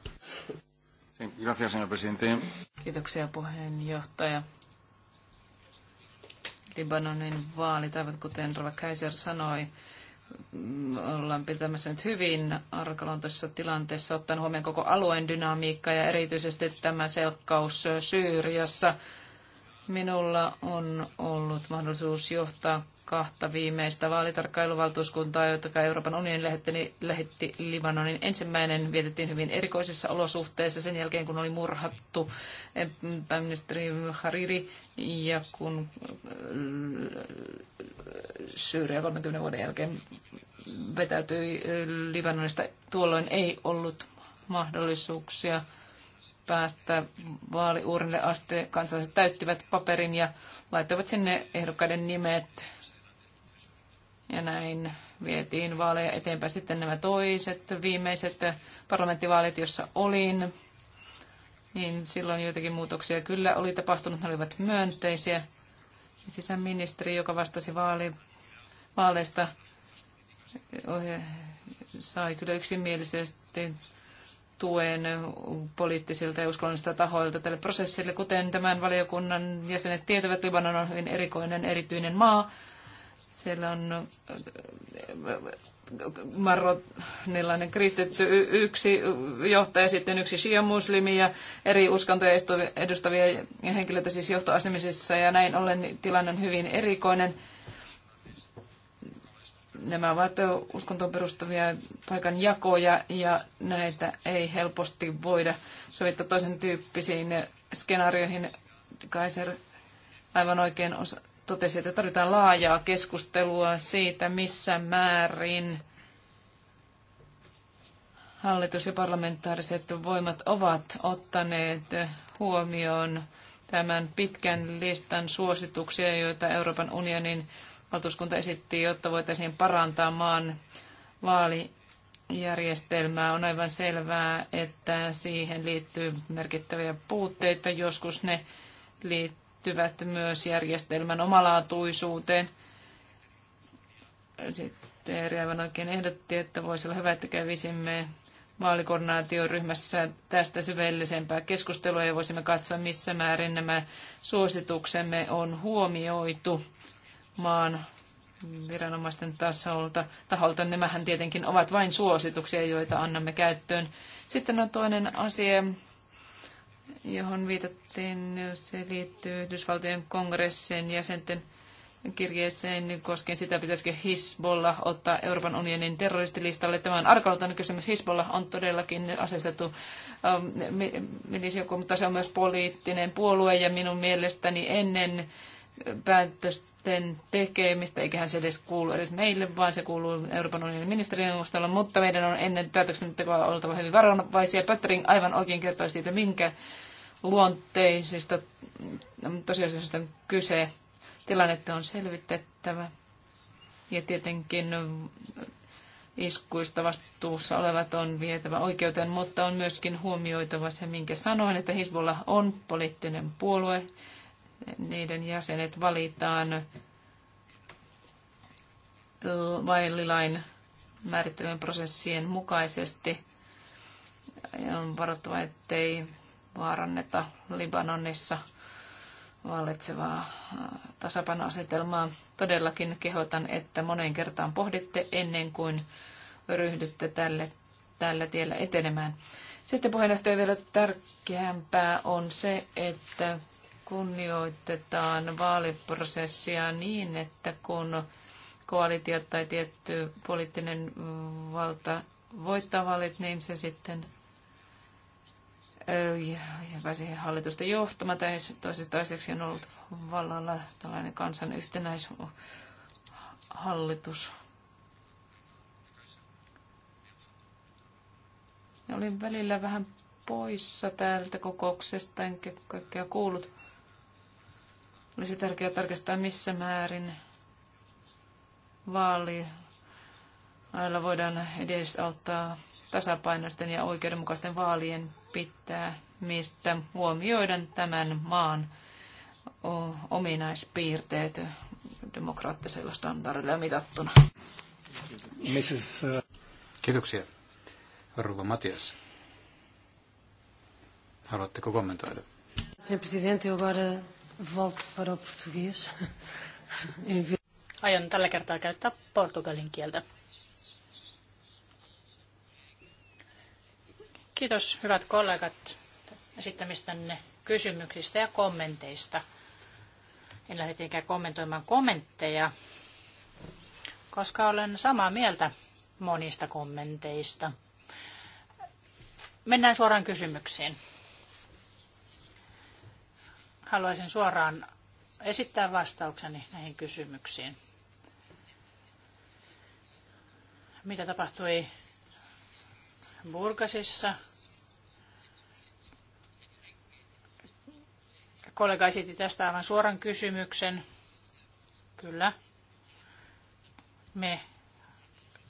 Gracias, señor presidente. Kiitoksia puheenjohtaja. Libanonin vaalit, aivan kuten Rova Kaiser sanoi, ollaan pitämässä nyt hyvin arkaluontoisessa tilanteessa, ottaen huomioon koko alueen dynamiikka ja erityisesti tämä selkkaus Syyriassa – Minulla on ollut mahdollisuus johtaa kahta viimeistä vaalitarkkailuvaltuuskuntaa, jotka Euroopan unionin lähetti, lähetti Libanonin. Ensimmäinen vietettiin hyvin erikoisissa olosuhteissa sen jälkeen, kun oli murhattu eh, pääministeri Hariri ja kun eh, Syyria 30 vuoden jälkeen vetäytyi eh, Libanonista. Tuolloin ei ollut mahdollisuuksia päästä vaaliuurille asti. Kansalaiset täyttivät paperin ja laittoivat sinne ehdokkaiden nimet. Ja näin vietiin vaaleja eteenpäin. Sitten nämä toiset viimeiset parlamenttivaalit, jossa olin, niin silloin joitakin muutoksia kyllä oli tapahtunut. Ne olivat myönteisiä. Sisäministeri, joka vastasi vaali, vaaleista, sai kyllä yksimielisesti tuen poliittisilta ja uskonnollisilta tahoilta tälle prosessille. Kuten tämän valiokunnan jäsenet tietävät, Libanon on hyvin erikoinen, erityinen maa. Siellä on äh, äh, marronilainen kristitty yksi johtaja, sitten yksi shia-muslimi ja eri uskontoja edustavia henkilöitä siis johtoasemisissa ja näin ollen tilanne on hyvin erikoinen Nämä ovat uskontoon perustuvia paikan jakoja ja näitä ei helposti voida sovittaa toisen tyyppisiin skenaarioihin. Kaiser aivan oikein osa- totesi, että tarvitaan laajaa keskustelua siitä, missä määrin hallitus ja parlamentaariset voimat ovat ottaneet huomioon tämän pitkän listan suosituksia, joita Euroopan unionin valtuuskunta esitti, jotta voitaisiin parantaa maan vaalijärjestelmää. On aivan selvää, että siihen liittyy merkittäviä puutteita. Joskus ne liittyvät myös järjestelmän omalaatuisuuteen. Sitten aivan oikein ehdotti, että voisi olla hyvä, että kävisimme vaalikoordinaatioryhmässä tästä syvällisempää keskustelua ja voisimme katsoa, missä määrin nämä suosituksemme on huomioitu maan viranomaisten tasolta, taholta. Nämähän tietenkin ovat vain suosituksia, joita annamme käyttöön. Sitten on toinen asia, johon viitattiin, se liittyy Yhdysvaltojen kongressin jäsenten kirjeeseen koskien sitä, pitäisikö Hisbollah ottaa Euroopan unionin terroristilistalle. Tämä on arkaluutainen kysymys. Hisbollah on todellakin asestettu ähm, milisijoukko, mutta se on myös poliittinen puolue ja minun mielestäni ennen päätösten tekemistä, eikä hän se edes kuulu edes meille, vaan se kuuluu Euroopan unionin ministerineuvostolle, mutta meidän on ennen päätöksentekoa oltava hyvin varovaisia. Pöttering aivan oikein kertoi siitä, minkä luonteisista mm, tosiasioista on kyse. Tilannetta on selvitettävä. Ja tietenkin iskuista vastuussa olevat on vietävä oikeuteen, mutta on myöskin huomioitava se, minkä sanoin, että Hisbollah on poliittinen puolue niiden jäsenet valitaan vaillilain määrittelyn prosessien mukaisesti. Ja on varoittava, ettei vaaranneta Libanonissa vallitsevaa äh, tasapainoasetelmaa. Todellakin kehotan, että moneen kertaan pohditte ennen kuin ryhdytte tälle, tällä tiellä etenemään. Sitten puheenjohtaja vielä tärkeämpää on se, että kunnioitetaan vaaliprosessia niin, että kun koalitiot tai tietty poliittinen valta voittaa vaalit, niin se sitten pääsi hallitusta johtamaan. Tai toisesta toiseksi on ollut vallalla tällainen kansan yhtenäishallitus. olin välillä vähän poissa täältä kokouksesta, enkä kaikkea kuullut. Olisi tärkeää tarkastaa, missä määrin vaali voidaan edesauttaa tasapainoisten ja oikeudenmukaisten vaalien pitää, mistä huomioidaan tämän maan ominaispiirteet demokraattisella standardilla mitattuna. Uh, Kiitoksia. Rouva Matias, haluatteko kommentoida? Senhor Presidente, eu agora Volto para o português. Aion tällä kertaa käyttää portugalin kieltä. Kiitos hyvät kollegat esittämistänne kysymyksistä ja kommenteista. En lähde tietenkään kommentoimaan kommentteja, koska olen samaa mieltä monista kommenteista. Mennään suoraan kysymyksiin haluaisin suoraan esittää vastaukseni näihin kysymyksiin. Mitä tapahtui Burgasissa? Kollega esitti tästä aivan suoran kysymyksen. Kyllä. Me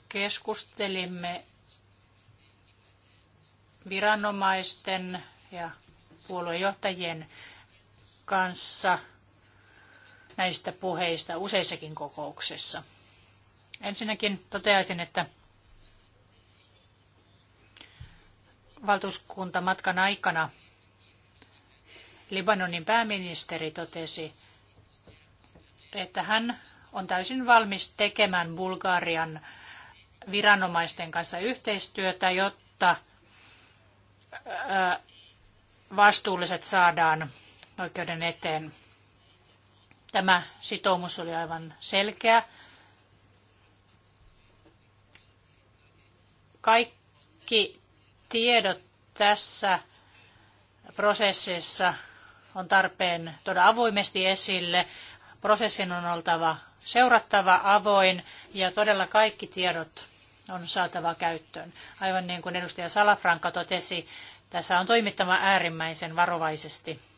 keskustelimme viranomaisten ja puoluejohtajien kanssa näistä puheista useissakin kokouksissa. Ensinnäkin toteaisin, että valtuuskuntamatkan aikana Libanonin pääministeri totesi, että hän on täysin valmis tekemään Bulgarian viranomaisten kanssa yhteistyötä, jotta vastuulliset saadaan oikeuden eteen. Tämä sitoumus oli aivan selkeä. Kaikki tiedot tässä prosessissa on tarpeen tuoda avoimesti esille. Prosessin on oltava seurattava, avoin ja todella kaikki tiedot on saatava käyttöön. Aivan niin kuin edustaja Salafranka totesi, tässä on toimittava äärimmäisen varovaisesti.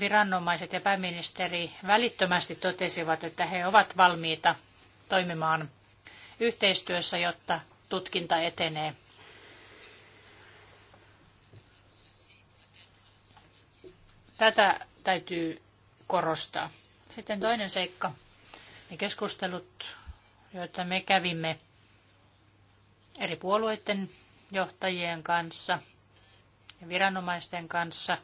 viranomaiset ja pääministeri välittömästi totesivat, että he ovat valmiita toimimaan yhteistyössä, jotta tutkinta etenee. Tätä täytyy korostaa. Sitten toinen seikka. Ne keskustelut, joita me kävimme eri puolueiden johtajien kanssa ja viranomaisten kanssa –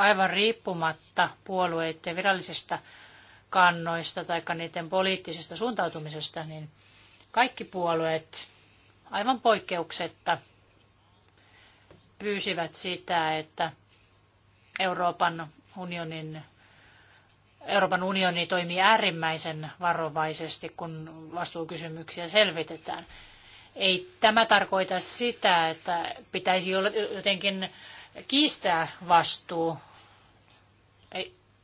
aivan riippumatta puolueiden virallisista kannoista tai niiden poliittisesta suuntautumisesta, niin kaikki puolueet aivan poikkeuksetta pyysivät sitä, että Euroopan unionin Euroopan unioni toimii äärimmäisen varovaisesti, kun vastuukysymyksiä selvitetään. Ei tämä tarkoita sitä, että pitäisi jotenkin kiistää vastuu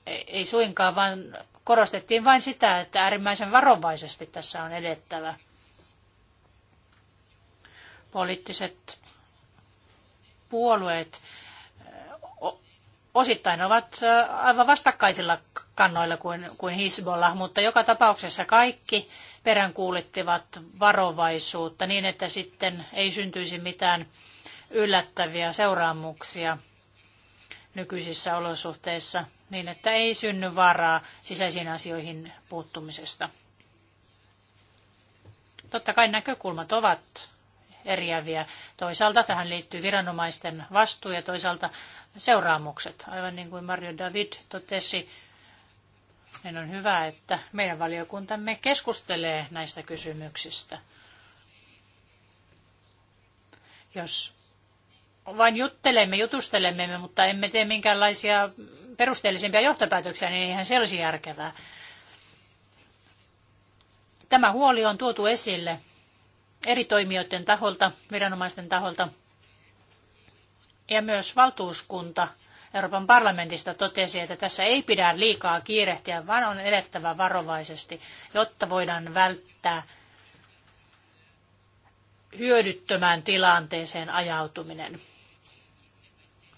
ei suinkaan, vaan korostettiin vain sitä, että äärimmäisen varovaisesti tässä on edettävä. Poliittiset puolueet osittain ovat aivan vastakkaisilla kannoilla kuin, kuin Hisbollah, mutta joka tapauksessa kaikki peräänkuulittivat varovaisuutta niin, että sitten ei syntyisi mitään yllättäviä seuraamuksia – nykyisissä olosuhteissa niin, että ei synny varaa sisäisiin asioihin puuttumisesta. Totta kai näkökulmat ovat eriäviä. Toisaalta tähän liittyy viranomaisten vastuu ja toisaalta seuraamukset. Aivan niin kuin Mario David totesi, niin on hyvä, että meidän valiokuntamme keskustelee näistä kysymyksistä. Jos vain juttelemme, jutustelemme, mutta emme tee minkäänlaisia perusteellisempia johtopäätöksiä, niin eihän se olisi järkevää. Tämä huoli on tuotu esille eri toimijoiden taholta, viranomaisten taholta. Ja myös valtuuskunta Euroopan parlamentista totesi, että tässä ei pidä liikaa kiirehtiä, vaan on elettävä varovaisesti, jotta voidaan välttää hyödyttömään tilanteeseen ajautuminen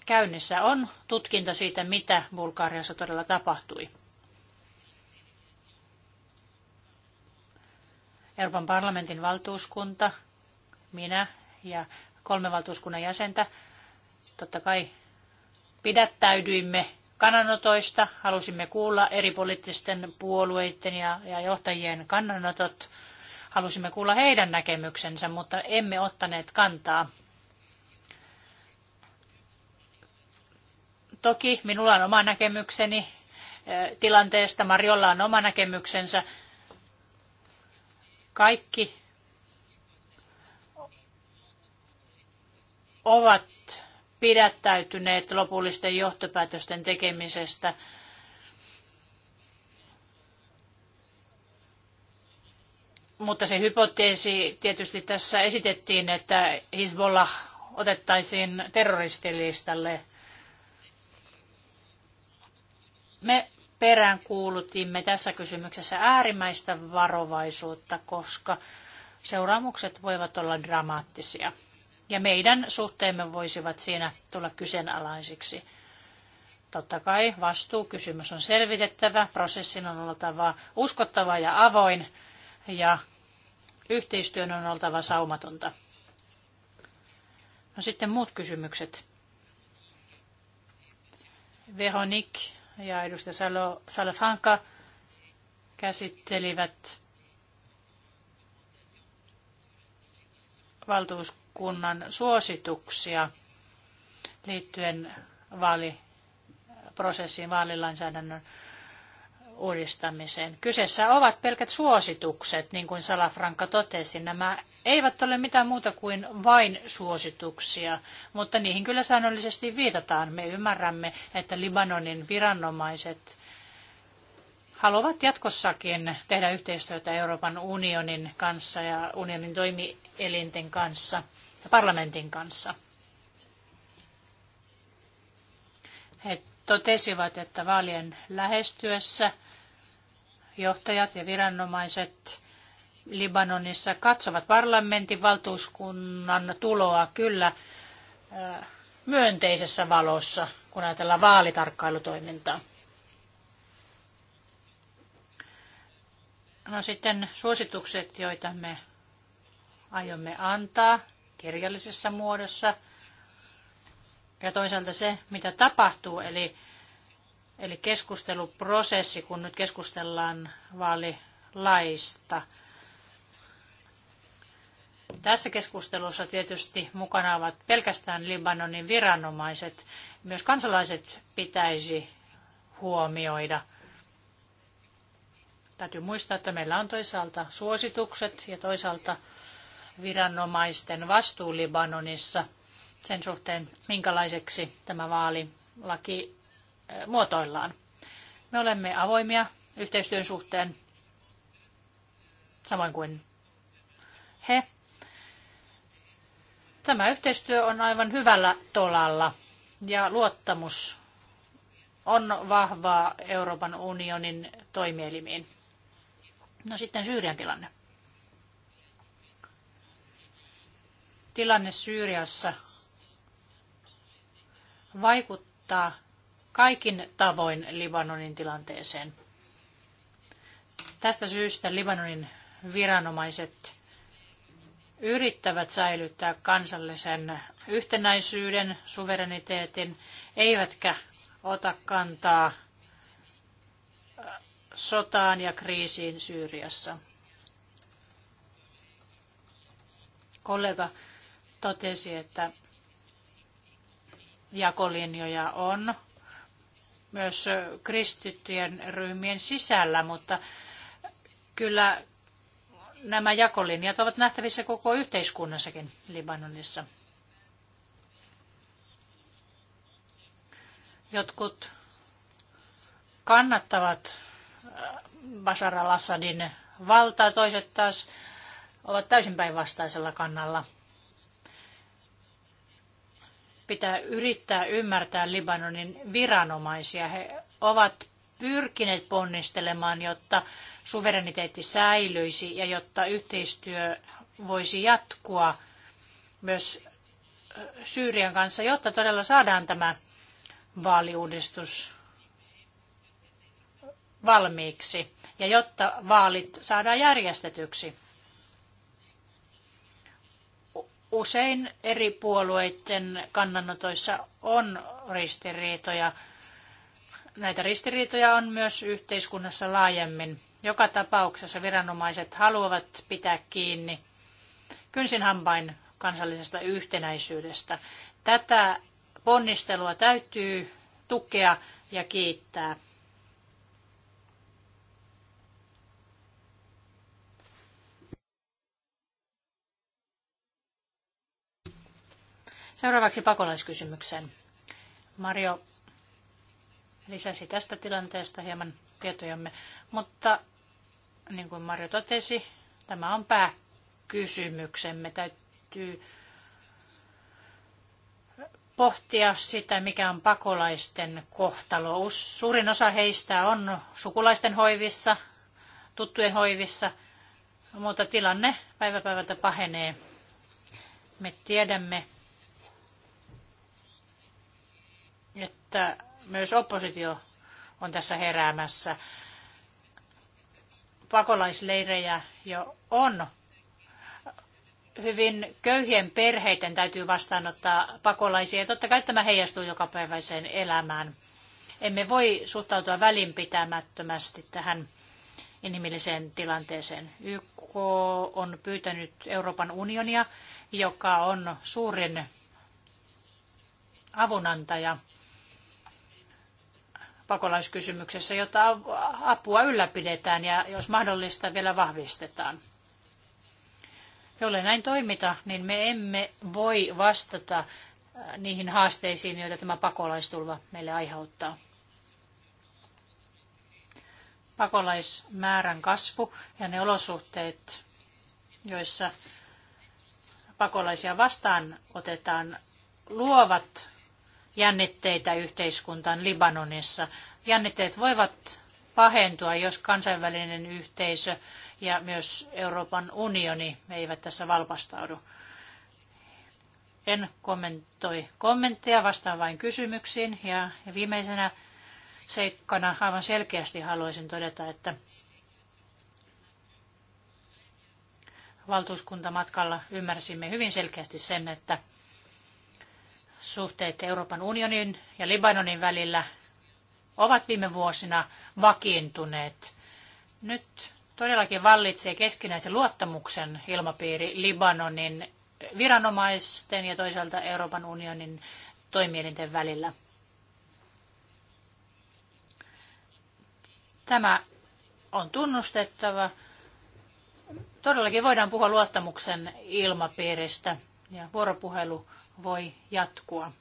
käynnissä on tutkinta siitä, mitä Bulgariassa todella tapahtui. Euroopan parlamentin valtuuskunta, minä ja kolme valtuuskunnan jäsentä, totta kai pidättäydyimme kannanotoista, halusimme kuulla eri poliittisten puolueiden ja, ja johtajien kannanotot, halusimme kuulla heidän näkemyksensä, mutta emme ottaneet kantaa Toki minulla on oma näkemykseni eh, tilanteesta, Marjolla on oma näkemyksensä. Kaikki ovat pidättäytyneet lopullisten johtopäätösten tekemisestä. Mutta se hypoteesi tietysti tässä esitettiin, että Hezbollah otettaisiin terroristilistalle. Me peräänkuulutimme tässä kysymyksessä äärimmäistä varovaisuutta, koska seuraamukset voivat olla dramaattisia. Ja meidän suhteemme voisivat siinä tulla kyseenalaisiksi. Totta kai vastuukysymys on selvitettävä, prosessin on oltava uskottava ja avoin ja yhteistyön on oltava saumatonta. No sitten muut kysymykset. Veronique ja edustaja Salo, Salafanka käsittelivät valtuuskunnan suosituksia liittyen vaaliprosessiin, vaalilainsäädännön uudistamiseen. Kyseessä ovat pelkät suositukset, niin kuin Salafranka totesi. Nämä eivät ole mitään muuta kuin vain suosituksia, mutta niihin kyllä säännöllisesti viitataan. Me ymmärrämme, että Libanonin viranomaiset haluavat jatkossakin tehdä yhteistyötä Euroopan unionin kanssa ja unionin toimielinten kanssa ja parlamentin kanssa. He totesivat, että vaalien lähestyessä johtajat ja viranomaiset Libanonissa katsovat parlamentin valtuuskunnan tuloa kyllä myönteisessä valossa, kun ajatellaan vaalitarkkailutoimintaa. No sitten suositukset, joita me aiomme antaa kirjallisessa muodossa ja toisaalta se, mitä tapahtuu, eli, eli keskusteluprosessi, kun nyt keskustellaan vaalilaista – tässä keskustelussa tietysti mukana ovat pelkästään Libanonin viranomaiset. Myös kansalaiset pitäisi huomioida. Täytyy muistaa, että meillä on toisaalta suositukset ja toisaalta viranomaisten vastuu Libanonissa sen suhteen, minkälaiseksi tämä vaalilaki eh, muotoillaan. Me olemme avoimia yhteistyön suhteen, samoin kuin he. Tämä yhteistyö on aivan hyvällä tolalla ja luottamus on vahvaa Euroopan unionin toimielimiin. No sitten Syyrian tilanne. Tilanne Syyriassa vaikuttaa kaikin tavoin Libanonin tilanteeseen. Tästä syystä Libanonin viranomaiset yrittävät säilyttää kansallisen yhtenäisyyden, suvereniteetin, eivätkä ota kantaa äh, sotaan ja kriisiin Syyriassa. Kollega totesi, että jakolinjoja on myös kristittyjen ryhmien sisällä, mutta kyllä nämä jakolinjat ovat nähtävissä koko yhteiskunnassakin Libanonissa. Jotkut kannattavat äh, Bashar al-Assadin valtaa, toiset taas ovat täysin päinvastaisella kannalla. Pitää yrittää ymmärtää Libanonin viranomaisia. He ovat pyrkineet ponnistelemaan, jotta suvereniteetti säilyisi ja jotta yhteistyö voisi jatkua myös Syyrian kanssa, jotta todella saadaan tämä vaaliuudistus valmiiksi ja jotta vaalit saadaan järjestetyksi. Usein eri puolueiden kannanotoissa on ristiriitoja Näitä ristiriitoja on myös yhteiskunnassa laajemmin. Joka tapauksessa viranomaiset haluavat pitää kiinni kynsin hampain kansallisesta yhtenäisyydestä. Tätä ponnistelua täytyy tukea ja kiittää. Seuraavaksi pakolaiskysymykseen. Mario lisäsi tästä tilanteesta hieman tietojamme. Mutta niin kuin Marjo totesi, tämä on pääkysymyksemme. Täytyy pohtia sitä, mikä on pakolaisten kohtalo. Suurin osa heistä on sukulaisten hoivissa, tuttujen hoivissa, mutta tilanne päivä päivältä pahenee. Me tiedämme, että myös oppositio on tässä heräämässä. Pakolaisleirejä jo on. Hyvin köyhien perheiden täytyy vastaanottaa pakolaisia. Ja totta kai tämä heijastuu jokapäiväiseen elämään. Emme voi suhtautua välinpitämättömästi tähän inhimilliseen tilanteeseen. YK on pyytänyt Euroopan unionia, joka on suurin avunantaja – pakolaiskysymyksessä, jotta apua ylläpidetään ja jos mahdollista vielä vahvistetaan. Jolle näin toimita, niin me emme voi vastata äh, niihin haasteisiin, joita tämä pakolaistulva meille aiheuttaa. Pakolaismäärän kasvu ja ne olosuhteet, joissa pakolaisia vastaan otetaan, luovat jännitteitä yhteiskuntaan Libanonissa. Jännitteet voivat pahentua, jos kansainvälinen yhteisö ja myös Euroopan unioni eivät tässä valpastaudu. En kommentoi kommentteja, vastaan vain kysymyksiin. Ja viimeisenä seikkana aivan selkeästi haluaisin todeta, että valtuuskuntamatkalla ymmärsimme hyvin selkeästi sen, että suhteet Euroopan unionin ja Libanonin välillä ovat viime vuosina vakiintuneet. Nyt todellakin vallitsee keskinäisen luottamuksen ilmapiiri Libanonin viranomaisten ja toisaalta Euroopan unionin toimielinten välillä. Tämä on tunnustettava. Todellakin voidaan puhua luottamuksen ilmapiiristä ja vuoropuhelu voi jatkua.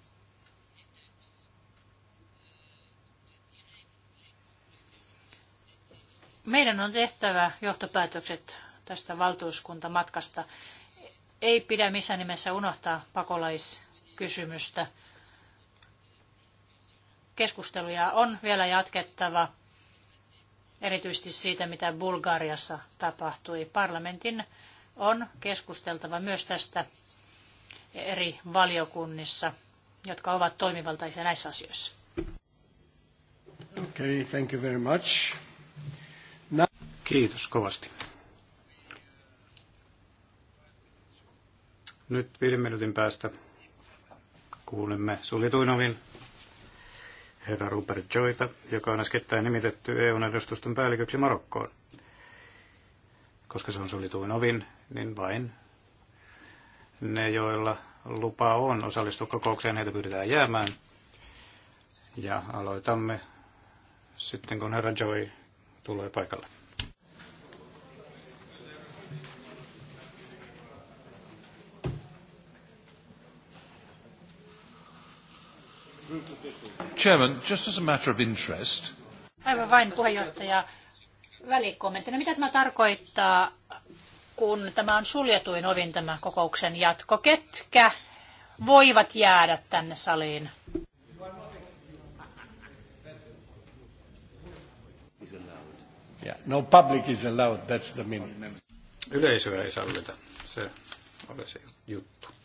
Meidän on tehtävä johtopäätökset tästä valtuuskuntamatkasta. Ei pidä missään nimessä unohtaa pakolaiskysymystä. Keskusteluja on vielä jatkettava, erityisesti siitä, mitä Bulgariassa tapahtui. Parlamentin on keskusteltava myös tästä eri valiokunnissa, jotka ovat toimivaltaisia näissä asioissa. Okay, thank you very much. Now... Kiitos kovasti. Nyt viiden minuutin päästä kuulemme suljetuin ovin herra Rupert Joita, joka on äskettäin nimitetty EUn edustuston päälliköksi Marokkoon. Koska se on suljetuin ovin, niin vain ne, joilla lupa on osallistua kokoukseen, heitä pyydetään jäämään. Ja aloitamme sitten, kun herra Joy tulee paikalle. Chairman, just as a matter of interest. Aivan vain puheenjohtaja välikommenttina. Mitä tämä tarkoittaa kun tämä on suljetuin ovin tämä kokouksen jatko. Ketkä voivat jäädä tänne saliin? Yeah. No public is allowed, that's the minimum. Yleisöä ei sallita, se olisi juttu.